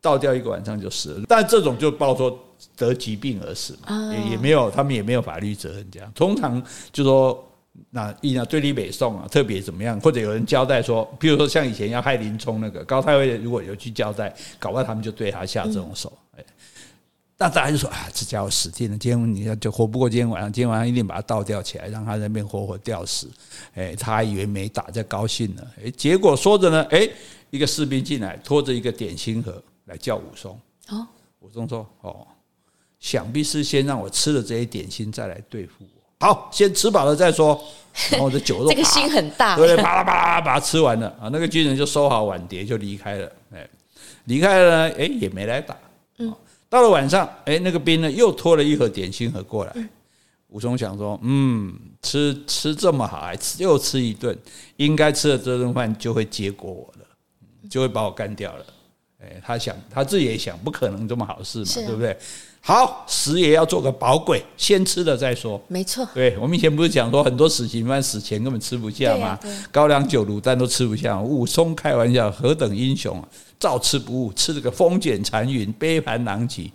倒吊一個晚上就死了。但這種就包括。得疾病而死嘛，也也沒有，他們也沒有法律責任。這樣通常就是說，那印象對立北宋啊，特別怎麼樣，或者有人交代說，譬如說像以前要害林沖那個高太尉，如果有去交代，搞不好他們就對他下這種手。但、嗯哎、那大家就說啊，這家伙死定了！今天你看就活不過今天晚上，今天晚上一定把他倒吊起來，讓他在那邊活活吊死。哎，他還以為沒打，再高興了。哎，結果說着呢，哎，一個士兵進來，拖着一個點心盒來叫武松。哦，武松說，哦。想必是先讓我吃了這些點心，再來對付我。好，先吃飽了再說。然後這酒肉， 這個心很大對不對？啪啦啪啦，把它吃完了啊！那個軍人就收好碗碟，就離開了。哎、欸，離開了呢，哎、欸，也沒來打。喔、到了晚上，哎、欸，那個兵呢又拖了一盒點心盒過來。嗯、武松想說，嗯，吃吃這麼好，還吃又吃一頓，應該吃了這頓飯就會結果我了，就會把我幹掉了。哎、欸，他想，他自己也想，不可能這麼好事嘛，啊、對不對？好，死也要做個飽鬼，先吃了再說。沒錯。對我們以前不是講說很多死刑犯死前根本吃不下嗎？啊啊、高粱酒、滷蛋都吃不下。武松開玩笑，何等英雄，啊，照吃不誤，吃了個風捲殘雲，杯盤狼藉。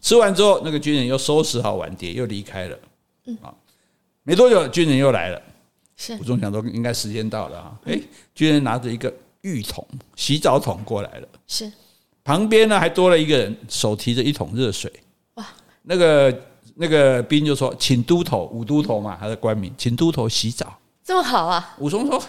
吃完之後，那個軍人又收拾好碗碟，又離開了。嗯，啊，沒多久，軍人又來了。是。武松想說，應該時間到了啊。哎、欸，軍人拿着一個浴桶、洗澡桶過來了。是。旁邊呢，還多了一個人，手提着一桶熱水。那個那個兵就說：“請都頭，武都頭嘛，他的官名，請都頭洗澡，這麼好啊！”武松說：“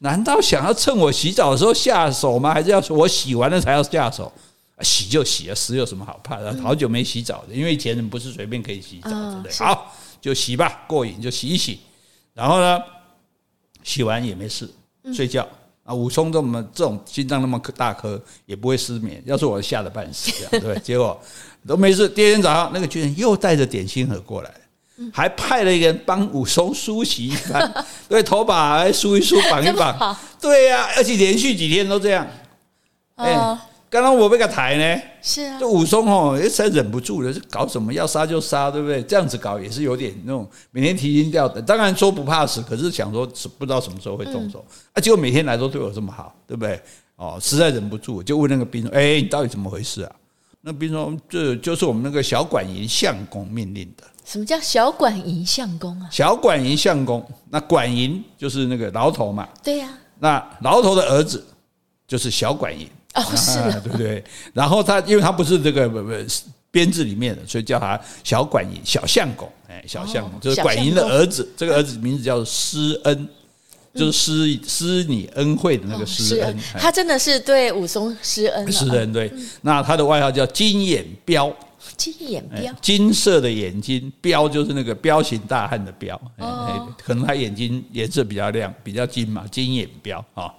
難道想要趁我洗澡的時候下手嗎？還是要說我洗完了才要下手？洗就洗啊，死有什麼好怕的？嗯、好久沒洗澡了，因為以前人不是隨便可以洗澡的。哦、好，就洗吧，過癮就洗一洗。然後呢，洗完也沒事，睡覺啊。嗯、武松這麼這種心臟那麼大顆，也不會失眠。要是我嚇得半死這樣，對不對？ 結果。”都沒事。第二天早上，那個軍人又帶着點心盒過來，嗯、還派了一個人幫武松梳洗一番，對頭把梳一梳、綁 一綁。這麼好？對呀、啊，而且連續幾天都這樣。嗯、呃，剛剛我被他抬呢。是啊。這武松哦，實在忍不住了，就搞什麼，要殺就殺，對不對？這樣子搞也是有點那種每天提心吊膽。當然說不怕死，可是想說不知道什麼時候會動手。嗯、啊，結果每天來都對我這麼好，對不對？哦，實在忍不住就問那個兵說：“哎，你到底怎麼回事啊？”那比如說，這就是我們那個小管營相公命令的。什麼叫小管營相公啊？小管營相公，那管營就是那個牢頭嘛。對呀。那牢頭的兒子就是小管營。哦，是的，對不對？然後他因為他不是這個不編制裡面的，所以叫他小管營小相公。哎，小相公就是管營的兒子。這個兒子名字叫施恩。就是施、嗯、你恩惠的那個施恩、嗯，他真的是對武松施恩，恩。施恩對，嗯、那他的外號叫金眼彪。金眼彪，金色的眼睛，彪就是那個彪形大漢的彪、哦欸。可能他眼睛顏色比較亮，比較金嘛，金眼彪啊、哦。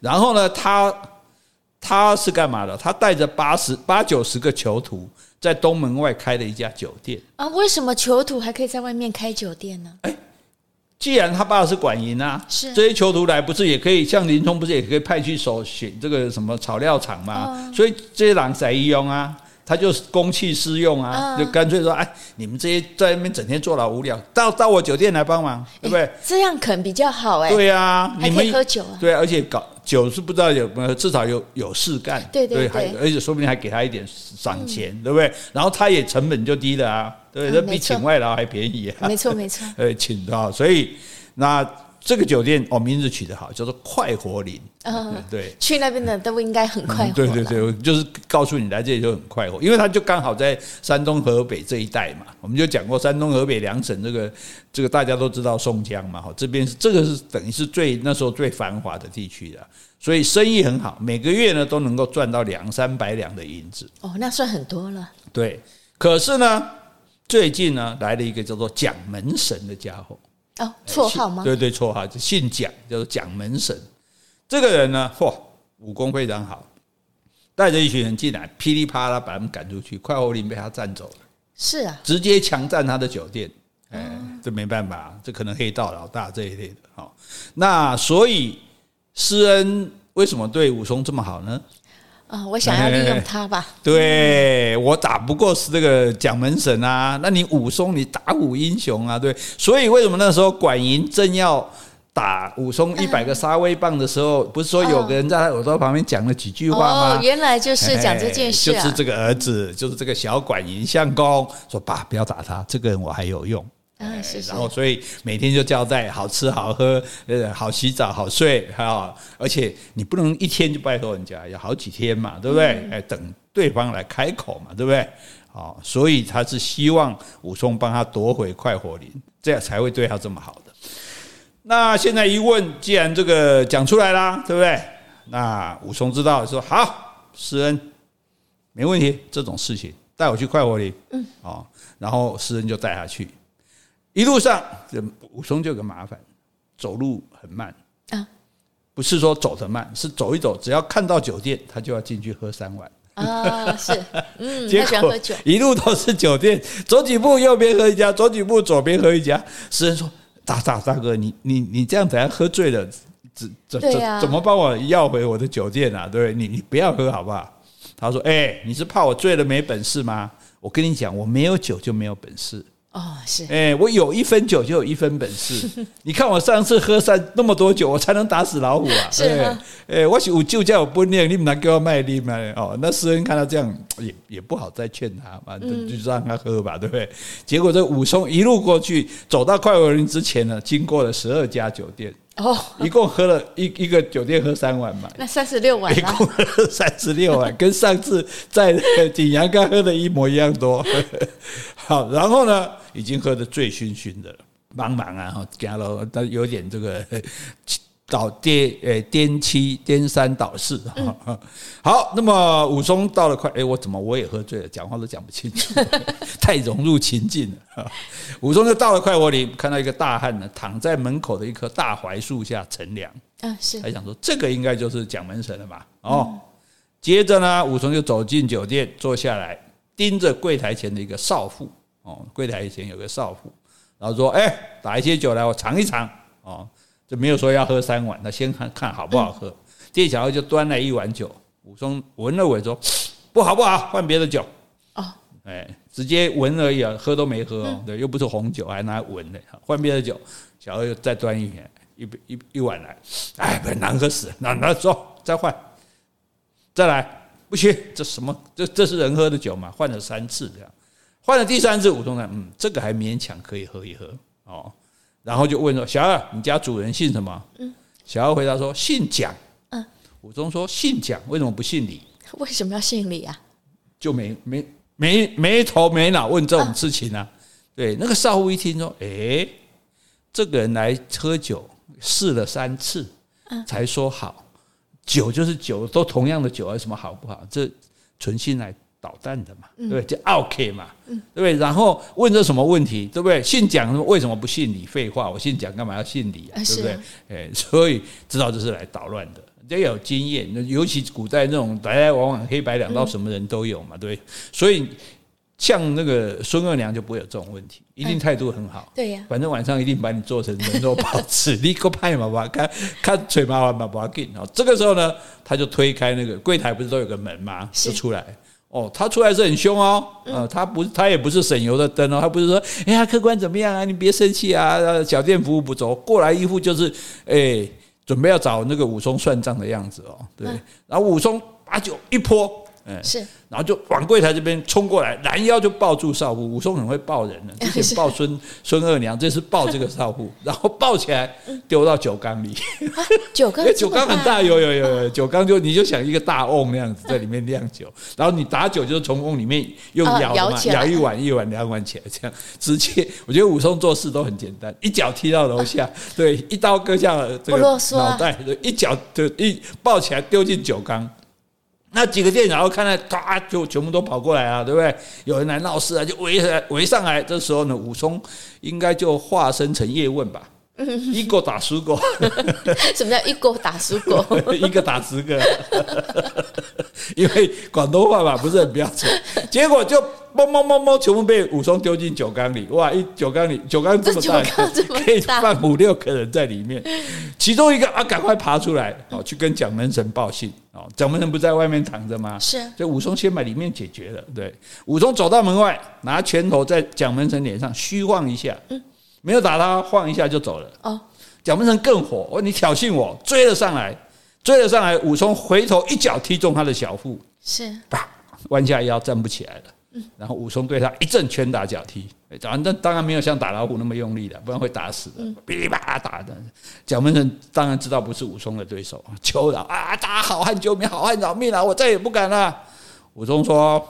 然後呢，他他是幹嘛的？他帶着八十八九十個囚徒，在東門外開了一家酒店。啊，為什麼囚徒還可以在外面開酒店呢？欸既然他爸是管營啊。是這些囚徒來不是也可以像林沖不是也可以派去守選這個什麼草料場嗎？哦、所以這些狼在用啊，他就是公器私用啊，哦、就乾脆說哎，你們這些在那邊整天坐牢無聊，到到我酒店來幫忙，欸、對不對？這樣肯比較好哎、欸啊啊。對啊，你們喝酒，啊，對，而且搞酒是不知道有沒有，至少有有事幹，對，對對對，還而且說不定還給他一點賞錢，嗯、對不對？然後他也成本就低了啊。對，這、嗯、比請外勞還便宜啊！沒錯沒錯，呃，請到、哦、所以那這個酒店哦，名字取得好，叫做“快活林”啊、呃。對，去那邊的都應該很快活、嗯。對對對，就是告訴你來這裡就很快活，因為他就剛好在山東河北這一帶嘛。我們就講過山東河北兩省，這個這個大家都知道宋江嘛，哈、哦，這邊是這個是等於是最那時候最繁華的地區了，所以生意很好，每個月呢都能夠賺到兩三百兩的銀子。哦，那算很多了。對，可是呢。最近呢，來了一個叫做蔣門神的傢伙，哦，綽號嗎、欸？對對，綽號就姓蔣，叫做蔣門神。這個人呢，嚯、哦，武功非常好，帶着一群人進來，噼里啪啦把他們趕出去，快活林被他佔走了。是啊，直接強佔他的酒店，哎、欸，哦、這沒辦法，這可能黑道老大這一類的。好，那所以施恩為什麼對武松這麼好呢？啊、哦，我想要利用他吧。對，我打不過是這個蔣門神啊。那你武松，你打虎英雄啊，對。所以為什麼那時候管營正要打武松一百個殺威棒的時候，不是說有個人在他耳朵旁邊講了幾句話嗎？哦哦、原來就是講這件事、啊，就是這個兒子，就是這個小管營相公說：“爸，不要打他，這個人我還有用。”嗯，是、哎。然後，所以每天就交代好吃好喝，呃，好洗澡，好睡，哈。而且你不能一天就拜託人家，有好幾天嘛，對不對？哎、嗯，等對方來開口嘛，對不對？好、哦，所以他是希望武松幫他奪回快活林，這樣才會對他這麼好的。那現在一問，既然這個講出來啦，對不對？那武松知道說好，施恩沒問題，這種事情帶我去快活林，嗯、哦，然後施恩就帶他去。一路上，武松就有個麻煩，走路很慢啊，不是說走得慢，是走一走，只要看到酒店，他就要進去喝三碗啊。是，嗯，結果一路都是酒店，走幾步右邊喝一家，走幾步左邊喝一家。施恩說：“大大大哥，你你你這樣子還喝醉了，怎怎、啊、怎麼幫我要回我的酒店啊？對不對？你你不要喝好不好？”嗯、他說：“哎，你是怕我醉了沒本事嗎？我跟你講，我沒有酒就沒有本事。”哦，oh, 是，哎、欸，我有一分酒就有一分本事。 你看我上次喝三那麼多酒，我才能打死老虎啊！ 是嗎？哎、欸，我就叫我不念你們能給我賣力嘛哦，那施恩看到這樣也也不好再勸他嘛，反正就讓他喝吧，嗯、對不對？結果這武松一路過去，走到快活林之前呢，經過了十二家酒店。哦，oh, 一共喝了一一個酒店喝三碗嘛，那碗，那三十六碗，一共喝了三十六碗， 跟上次在景陽岡喝的一模一樣多。 好，然後呢，已經喝得醉醺醺的了，茫茫啊，加了，他有點這個。倒跌，哎，顛七，顛三倒四。嗯、好，那麼武松到了快，哎，我怎麼我也喝醉了，講話都講不清楚， 太融入情境了。武松就到了快活林，看到一個大漢呢躺在門口的一棵大槐樹下乘涼。啊是。還想說這個應該就是蔣門神了吧？哦、嗯，接着呢，武松就走進酒店，坐下來盯着櫃台前的一個少婦。哦，櫃台前有個少婦，然後說：“哎，打一些酒來，我嘗一嘗。”哦。就沒有說要喝三碗，那先看看好不好喝。店、嗯、小二就端了一碗酒，武松聞了聞說：“不好，不好，換別的酒。”哦，啊，哎，直接聞而已啊，喝都沒喝、哦、對，又不是紅酒，還拿來聞呢。換別的酒，小二又再端一瓶，一、一、一碗來。哎，難喝死，那那走，再換，再來不行，這什麼？這這是人喝的酒嘛？換了三次這樣，換了第三次，武松呢？嗯，這個還勉強可以喝一喝哦。然後就問說：“小二，你家主人姓什麼？”嗯，小二回答說：“姓蔣。”嗯，武松說：“姓蔣為什麼不姓李？為什麼要姓李啊？”就沒沒沒沒頭沒腦問這種事情呢、啊？啊、對，那個少婦一聽說：“誒，這個人來喝酒試了三次，才說好、嗯、酒就是酒，都同樣的酒，還有什麼好不好？這存心來。”搗蛋的嘛，嗯、對不對？叫 OK 嘛，嗯、對不對？然後問這什麼問題，對不對？姓蔣為什麼不姓李？廢話，我姓蔣幹嘛要姓李啊？對不對？哎、呃啊欸，所以知道這是來搗亂的。得有經驗，那尤其古代那種來來往往黑白兩道，嗯、什麼人都有嘛，對不對？所以像那個孫二娘就不會有這種問題，一定態度很好。呃、對呀、啊，反正晚上一定把你做成人肉包子，立刻派嘛把看看腿麻把把把勁啊。這個時候呢，他就推開那個櫃檯，不是都有個門嘛，就出來。哦，他出來是很凶哦，嗯、呃，他不是他也不是省油的燈哦，他不是說，哎呀，客官怎麼樣啊，你別生氣啊，小店服務不周，過來一副就是，哎，準備要找那個武松算賬的樣子哦，對，嗯、然後武松把酒一潑，嗯是，然後就往櫃台這邊衝過來，攔腰就抱住少婦。武松很會抱人了，之前抱孫孫二娘，這次抱這個少婦，然後抱起來丟到酒缸裡。酒缸，酒缸很大，有有有有。酒缸就你就想一個大瓮那樣子，在裡面釀酒，然後你打酒就從瓮裡面用舀嘛舀一碗一碗兩碗起來，這樣直接。我覺得武松做事都很簡單，一腳踢到樓下，對，一刀割下了這個腦袋，一腳就一抱起來丟進酒缸。那幾個店，然後看到他，就全部都跑過來啊，對不對？有人來鬧事啊，就圍上來，圍上來。這時候呢，武松應該就化身成葉問吧。 一個打十個 什麼叫一個打十個？ 一個打十個一個打十個，因為廣東話嘛，不是很標準。 結果就貓貓貓貓全部被武松丟進酒缸裡。哇！一酒缸裡，酒缸這麼大，可以放五六個人在裡面。 其中一個啊，趕快爬出來哦，去跟蔣門神報信哦。蔣門神不在外面躺着嗎？是，啊。就武松先把裡面解決了。對，武松走到門外，拿拳頭在蔣門神臉上虛晃一下。嗯沒有打他，晃一下就走了。蔣門、哦、神更火，我、哦、說你挑釁我，追了上來，追了上來，武松回頭一腳踢中他的小腹，是啪彎下腰站不起來了。嗯，然後武松對他一陣拳打腳踢，反正當，當然沒有像打老虎那麼用力的，不然會打死的。噼里、嗯、啪啦打的，蔣門神當然知道不是武松的對手，求饒啊，大好漢救命，好漢饒命了、啊，我再也不敢了。武松說：“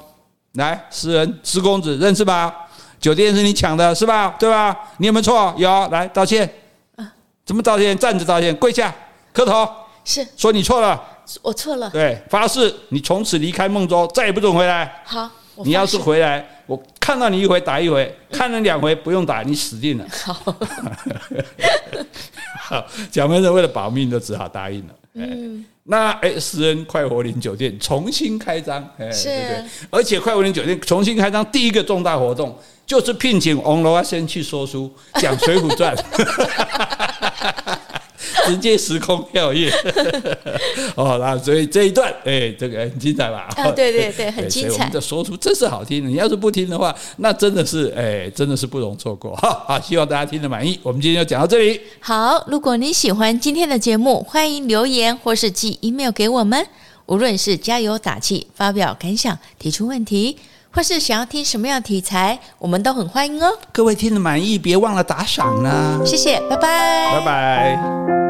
來，施恩施公子認識吧？”酒店是你搶的是吧？對吧？你有沒有錯？有，來道歉。呃、怎麼道歉？站着道歉，跪下，磕頭。是，說你錯了，我錯了。對，發誓，你從此離開孟州，再也不准回來。好，你要是回來，我看到你一回打一回，看了兩回不用打，你死定了。嗯、 好，好，蔣門神為了保命，都只好答應了。嗯，那哎，施恩快活林酒店重新開張，哎，是對對，而且快活林酒店重新開張第一個重大活動。就是聘請王老先生去說書，講《水滸傳》，直接時空跳躍。哦， 啦，所以這一段，誒、欸、這個很精彩吧？啊，對對對，很精彩。的說書真是好聽，你要是不聽的話，那真的是，誒、欸、真的是不容錯過好。好，希望大家聽得滿意。我們今天就講到這裡。好，如果你喜歡今天的節目，歡迎留言或是寄 email 給我們。無論是加油打氣、發表感想、提出問題。或是想要聽什麼樣的題材，我們都很歡迎哦。各位聽得滿意，別忘了打賞呢、啊。謝謝，拜拜，拜拜。